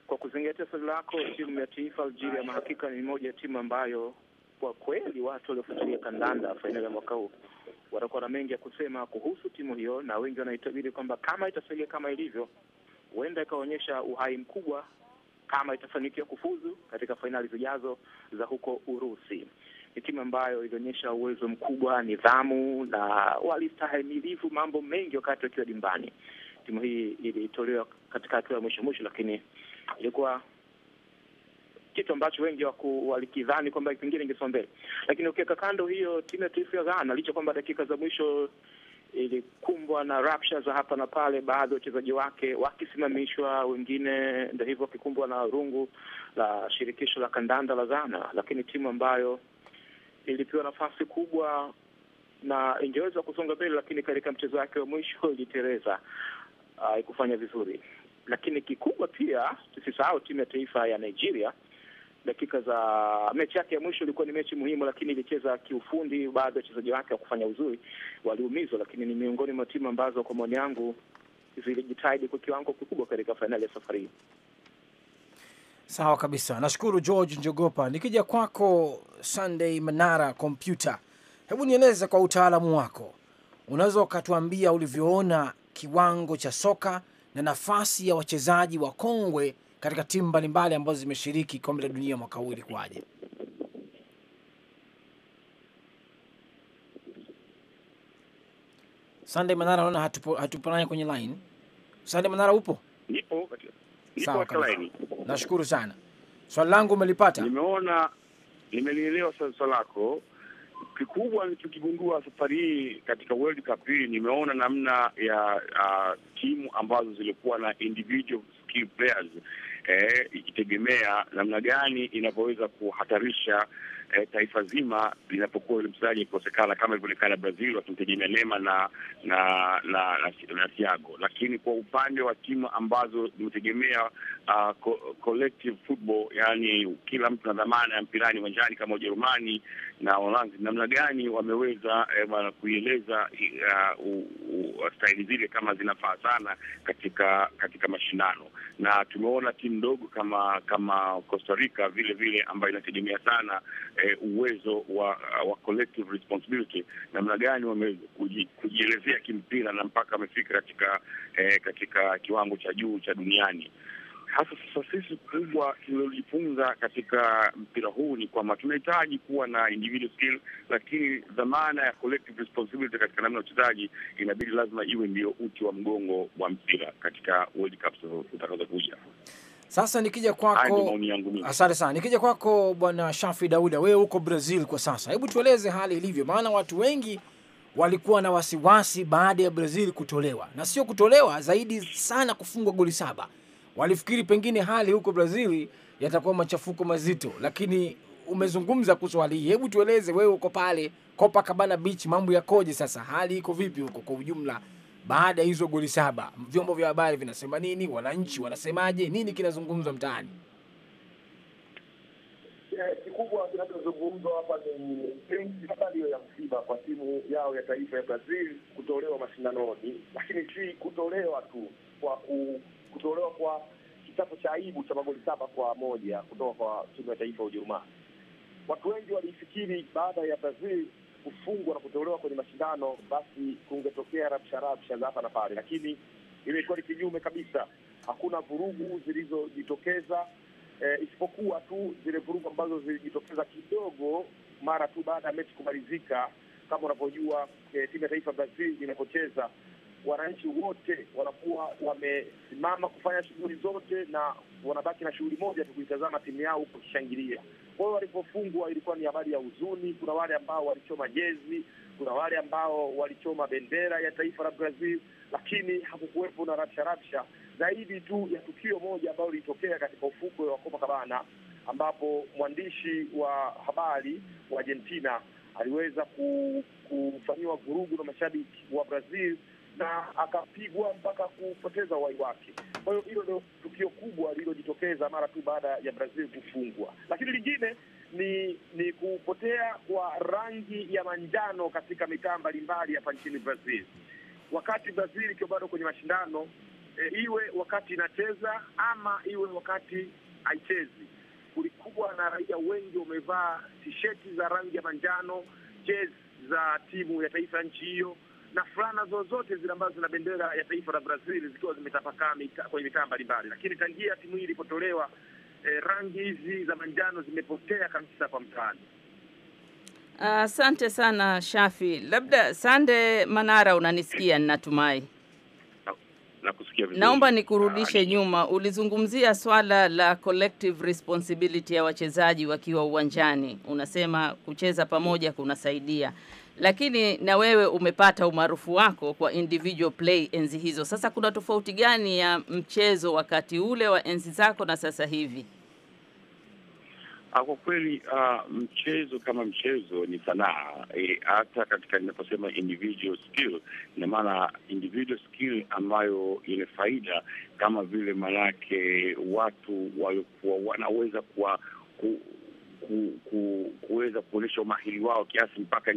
Kwa kuzingatia swali lako, timu ya taifa Algeria ama hakika ni moja ya timu ambayo kwa kweli watu waliofuatilia kandanda fainali ya mwaka huu watakuwa na mengi ya kusema kuhusu timu hiyo, na wengi wanaitabiri kwamba kama itasalia kama ilivyo, huenda ikaonyesha uhai mkubwa kama itafanikiwa kufuzu katika fainali zijazo za huko Urusi ni timu ambayo ilionyesha uwezo mkubwa, nidhamu na walistahimilivu mambo mengi wakati wakiwa dimbani. Timu hii ilitolewa katika hatua ya mwisho mwisho, lakini ilikuwa kitu ambacho wengi walikidhani kwamba pengine ingesonga mbele, lakini ukiweka kando hiyo, timu ya taifa ya Ghana, licha kwamba dakika za mwisho ilikumbwa na rapsha za hapa na pale, baadhi ya wachezaji wake wakisimamishwa, wengine ndio hivyo wakikumbwa na rungu la shirikisho la kandanda la Ghana, lakini timu ambayo ilipewa nafasi kubwa na ingeweza kusonga mbele, lakini katika mchezo wake wa mwisho ilitereza, uh, haikufanya uh, vizuri. Lakini kikubwa pia tusisahau timu ya taifa ya Nigeria, dakika za mechi yake ya mwisho ilikuwa ni mechi muhimu, lakini ilicheza kiufundi. Baadhi ya wachezaji wake wakufanya uzuri, waliumizwa, lakini ni miongoni mwa timu ambazo kwa maoni yangu zilijitahidi kwa kiwango kikubwa katika fainali ya safari hii. Sawa kabisa, nashukuru George Njogopa. Nikija kwako Sunday Manara kompyuta, hebu nieleze kwa utaalamu wako, unaweza ukatuambia ulivyoona kiwango cha soka na nafasi ya wachezaji wa kongwe katika timu mbalimbali ambazo zimeshiriki kombe la dunia mwaka huu ilikuwaje? Sunday Manara, naona hatupo, hatupo naye kwenye line. Sunday Manara, upo? Nipo katika Sawa kabisa, nashukuru sana. Swali langu umelipata? Nimeona, nimelielewa swali lako. Kikubwa nilichokigundua safari hii katika World Cup hii, nimeona namna ya uh, timu ambazo zilikuwa na individual skill players eh, ikitegemea namna gani inavyoweza kuhatarisha eh, taifa zima linapokuwa ule mchezaji akikosekana, kama ilivyoonekana Brazil wakimtegemea nema na na na, na, na Thiago. Lakini kwa upande wa timu ambazo zimetegemea uh, ah, co collective football, yani kila mtu na dhamana ya mpirani uwanjani kama Ujerumani na Holanzi, namna gani wameweza eh, kuieleza uh, staili zile kama zinafaa sana katika katika mashindano, na tumeona timu ndogo kama kama Costa Rica vile vile ambayo inategemea sana eh, uwezo wa, wa collective responsibility, namna gani wamekujielezea kimpira na mpaka wamefika katika eh, katika kiwango cha juu cha duniani. Hasa sasa sisi kubwa tulilojifunza katika mpira huu ni kwamba tunahitaji kuwa na individual skill, lakini dhamana ya collective responsibility katika namna ya uchezaji inabidi lazima iwe ndio uti wa mgongo wa mpira katika World sasa nikija kwako, asante sana. Nikija kwako Bwana Shafi Dauda, wewe uko Brazil kwa sasa, hebu tueleze hali ilivyo, maana watu wengi walikuwa na wasiwasi baada ya Brazil kutolewa, na sio kutolewa zaidi sana, kufungwa goli saba. Walifikiri pengine hali huko Brazil yatakuwa machafuko mazito, lakini umezungumza kuhusu hali hii. Hebu tueleze, wewe uko pale Copacabana Beach, mambo yakoje sasa? Hali iko vipi huko kwa ujumla? baada ya hizo goli saba, vyombo vya habari vinasema nini? Wananchi wanasemaje? Nini kinazungumzwa mtaani? Kikubwa kinachozungumzwa hapa ni habari ya msiba kwa timu yao ya taifa ya Brazil kutolewa mashindanoni, lakini si kutolewa tu, kwa kutolewa kwa kichapo cha aibu cha magoli saba kwa moja kutoka kwa timu ya taifa ya Ujerumani. Watu wengi walifikiri baada ya Brazil kufungwa na kutolewa kwenye mashindano, basi kungetokea rabsha rabsha za hapa na pale, lakini imekuwa ni kinyume kabisa. Hakuna vurugu zilizojitokeza e, isipokuwa tu zile vurugu ambazo zilijitokeza kidogo mara tu baada ya mechi kumalizika. Kama unavyojua e, timu ya taifa Brazil inapocheza wananchi wote wanakuwa wamesimama kufanya shughuli zote na wanabaki na shughuli moja tu, kuitazama timu yao kishangilia. Kwao walipofungwa ilikuwa ni habari ya huzuni. Kuna wale ambao walichoma jezi, kuna wale ambao walichoma bendera ya taifa la Brazil, lakini hakukuwepo na rabsharabsha zaidi tu ya tukio moja ambayo lilitokea katika ufukwe wa Copacabana ambapo mwandishi wa habari wa Argentina aliweza kufanyiwa vurugu na mashabiki wa Brazil na akapigwa mpaka kupoteza uhai wake. Kwa hiyo hilo ndio tukio kubwa lililojitokeza mara tu baada ya Brazil kufungwa. Lakini lingine ni ni kupotea kwa rangi ya manjano katika mitaa mbalimbali hapa nchini Brazil, wakati Brazil ikiwa bado kwenye mashindano e, iwe wakati inacheza ama iwe wakati haichezi, kulikuwa na raia wengi wamevaa tisheti za rangi ya manjano, jezi za timu ya taifa nchi hiyo na fulana zozote zile ambazo zina bendera ya taifa la Brazil zikiwa zimetapakaa mita, kwenye mitaa mbalimbali, lakini tangia timu hii ilipotolewa eh, rangi hizi za manjano zimepotea kabisa kwa mtaani. Asante uh, sana Shafi. Labda Sande Manara, unanisikia? Ninatumai nakusikia vizuri. Naomba nikurudishe uh, nyuma. Ulizungumzia swala la collective responsibility ya wachezaji wakiwa uwanjani, unasema kucheza pamoja kunasaidia lakini na wewe umepata umaarufu wako kwa individual play enzi hizo. Sasa kuna tofauti gani ya mchezo wakati ule wa enzi zako na sasa hivi? Ah, kwa kweli uh, mchezo kama mchezo ni sanaa e, hata e, katika ninaposema individual skill, ina maana individual skill ambayo ina faida kama vile manake watu waliokuwa wanaweza kuwa ku, ku, ku, kuweza kuonyesha umahiri wao kiasi mpaka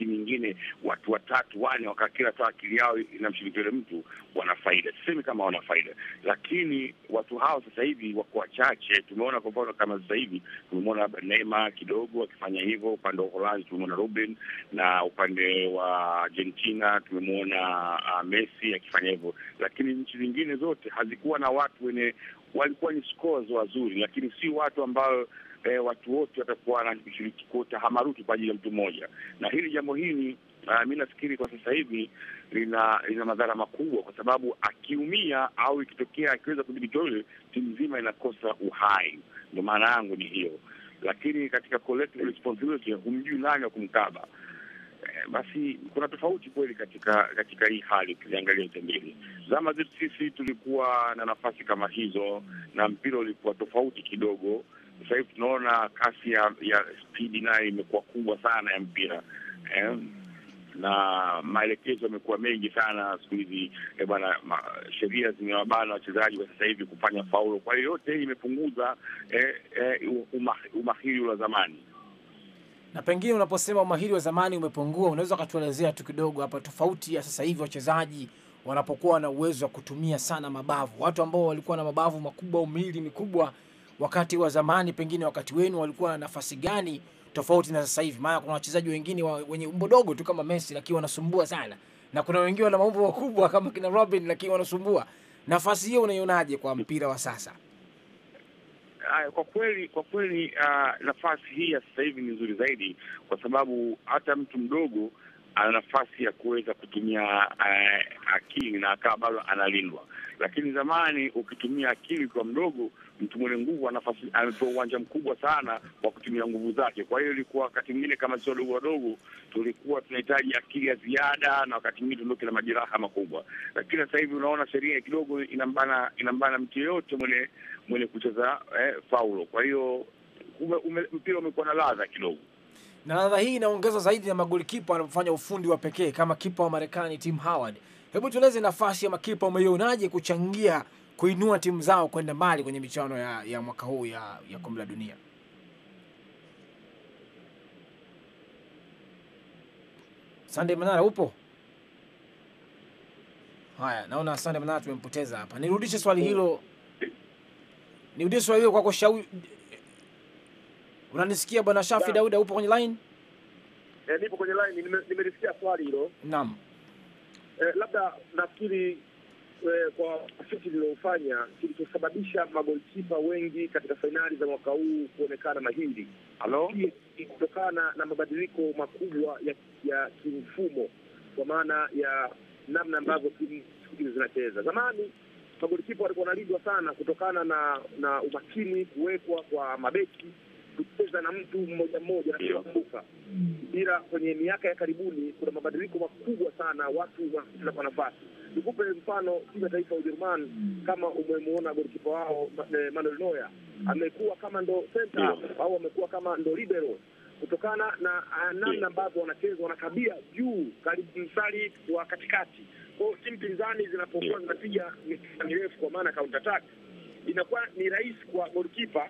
timu nyingine, watu watatu wane, wakaa kila saa akili yao inamshiriki yule mtu, wana faida. Sisemi kama wana faida, lakini watu hao sasa hivi wako wachache. Tumeona kwa mfano kama sasa hivi tumemwona labda Neema kidogo akifanya hivyo upande wa Uholanzi, tumemwona Robin, na upande wa Argentina tumemwona uh, Messi akifanya hivyo, lakini nchi zingine zote hazikuwa na watu wenye walikuwa ni scores wazuri, lakini si watu ambao eh, watu wote watakuwa wanashiriki kuota hamaruti kwa ajili ya mtu mmoja, na hili jambo hili uh, mi nafikiri kwa sasa hivi lina lina madhara makubwa, kwa sababu akiumia au ikitokea akiweza kudhibiti yule, timu nzima inakosa uhai. Ndio maana yangu ni hiyo, lakini katika collective responsibility humjui nani wa kumkaba. E, basi kuna tofauti kweli katika katika hii hali. Ukiziangalia zote mbili, zama zetu sisi tulikuwa na nafasi kama hizo, na mpira ulikuwa tofauti kidogo sasa hivi tunaona kasi ya, ya spidi nayo imekuwa kubwa sana ya mpira eh? na maelekezo yamekuwa mengi sana siku hizi eh, bwana, sheria zimewabana wachezaji kwa sasa hivi kufanya faulo. Kwa hiyo yote hii imepunguza eh, eh, umahiri wa zamani. Na pengine unaposema umahiri wa zamani umepungua, unaweza ukatuelezea tu kidogo hapa tofauti ya sasa hivi wachezaji wanapokuwa na uwezo wa kutumia sana mabavu, watu ambao walikuwa na mabavu makubwa, umili mikubwa wakati wa zamani, pengine wakati wenu walikuwa na nafasi gani tofauti na sasa hivi? Maana kuna wachezaji wengine wa, wenye umbo dogo tu kama Messi, lakini wanasumbua sana, na kuna wengine wana maumbo makubwa kama kina Robin, lakini wanasumbua. Nafasi hiyo unaionaje kwa mpira wa sasa? Kwa kweli kwa kweli, uh, nafasi hii ya sasa hivi ni nzuri zaidi, kwa sababu hata mtu mdogo ana nafasi ya kuweza kutumia uh, akili na akawa bado analindwa. Lakini zamani ukitumia akili kwa mdogo, mtu mwenye nguvu ana nafasi, amepewa uwanja mkubwa sana wa kutumia nguvu zake. Kwa hiyo ilikuwa wakati mwingine kama sio wadogo wadogo, tulikuwa tunahitaji akili ya ziada, na wakati mwingine tundoke na majeraha makubwa. Lakini sasa hivi unaona sheria kidogo inambana, inambana mtu yeyote mwenye mwenye kucheza eh, faulo. Kwa hiyo mpira umekuwa na ladha kidogo na ladha hii inaongeza zaidi na magolikipa anapofanya ufundi wa pekee kama kipa wa Marekani Tim Howard. Hebu tueleze nafasi ya makipa umeionaje kuchangia kuinua timu zao kwenda mbali kwenye michuano ya, ya mwaka huu ya, ya kombe la dunia? Sande Manara upo? Haya, naona Sande Manara tumempoteza hapa. Nirudishe swali hilo, nirudishe swali hilo kwako Shauri Unanisikia bwana Shafi Daudi, upo kwenye line? Eh, nipo kwenye line, nimelisikia swali hilo. Naam. Eh, labda nafikiri eh, kwa tafiti lilofanya kilichosababisha magolikipa wengi katika fainali za mwaka huu kuonekana mahiri kutokana na mabadiliko makubwa ya, ya kimfumo kwa maana ya namna ambavyo timu hizi zinacheza. Zamani magolikipa walikuwa wanalindwa sana kutokana na na umakini kuwekwa kwa mabeki kucheza na mtu mmoja mmoja. Nakumbuka bila kwenye miaka ya karibuni kuna mabadiliko makubwa sana, watu wanacheza kwa nafasi. Nikupe mfano timu ya taifa ya Ujerumani, kama umemwona golikipa wao eh, Manuel Neuer amekuwa kama ndo senta au amekuwa kama ndo libero kutokana na ah, namna ambavyo wanacheza, wanakabia juu karibu msali wa katikati. Kwa hiyo timu pinzani zinapokuwa zinapiga mirefu, kwa maana counter attack, inakuwa ni rahisi kwa golikipa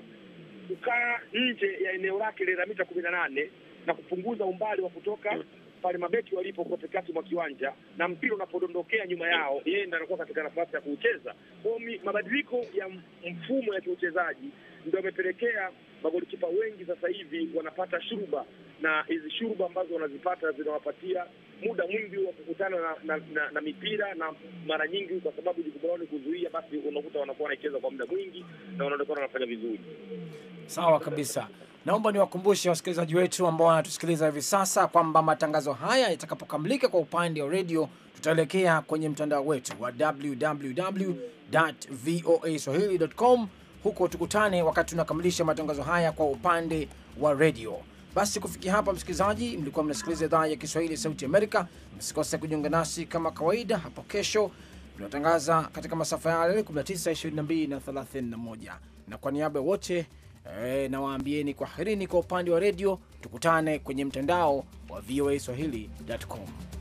kukaa nje ya eneo lake la mita kumi na nane na kupunguza umbali wa kutoka pale mabeki walipo katikati mwa kiwanja na mpira unapodondokea nyuma yao, yeye ndiye anakuwa katika nafasi ya kuucheza. Kwa mabadiliko ya mfumo ya kiuchezaji ndio yamepelekea magolikipa wengi sasa hivi wanapata shuruba, na hizi shuruba ambazo wanazipata zinawapatia muda mwingi wa kukutana na, na, na, na mipira na mara nyingi kwa sababu jukumu lao ni kuzuia, basi unakuta wanakuwa wanacheza kwa muda mwingi na wanaonekana wanafanya vizuri. Sawa kabisa. Naomba niwakumbushe wasikilizaji wetu ambao wanatusikiliza hivi sasa kwamba matangazo haya yatakapokamilika kwa upande wa redio, tutaelekea kwenye mtandao wetu wa www.voaswahili.com. Huko tukutane wakati tunakamilisha matangazo haya kwa upande wa redio. Basi kufikia hapa, msikilizaji, mlikuwa mnasikiliza idhaa ya Kiswahili ya Sauti Amerika. Msikose kujiunga nasi kama kawaida hapo kesho, tunatangaza katika masafa yale 19, 22 na 31. Na kwa niaba ya wote e, nawaambieni kwaherini. Kwa upande wa redio, tukutane kwenye mtandao wa voa swahili.com.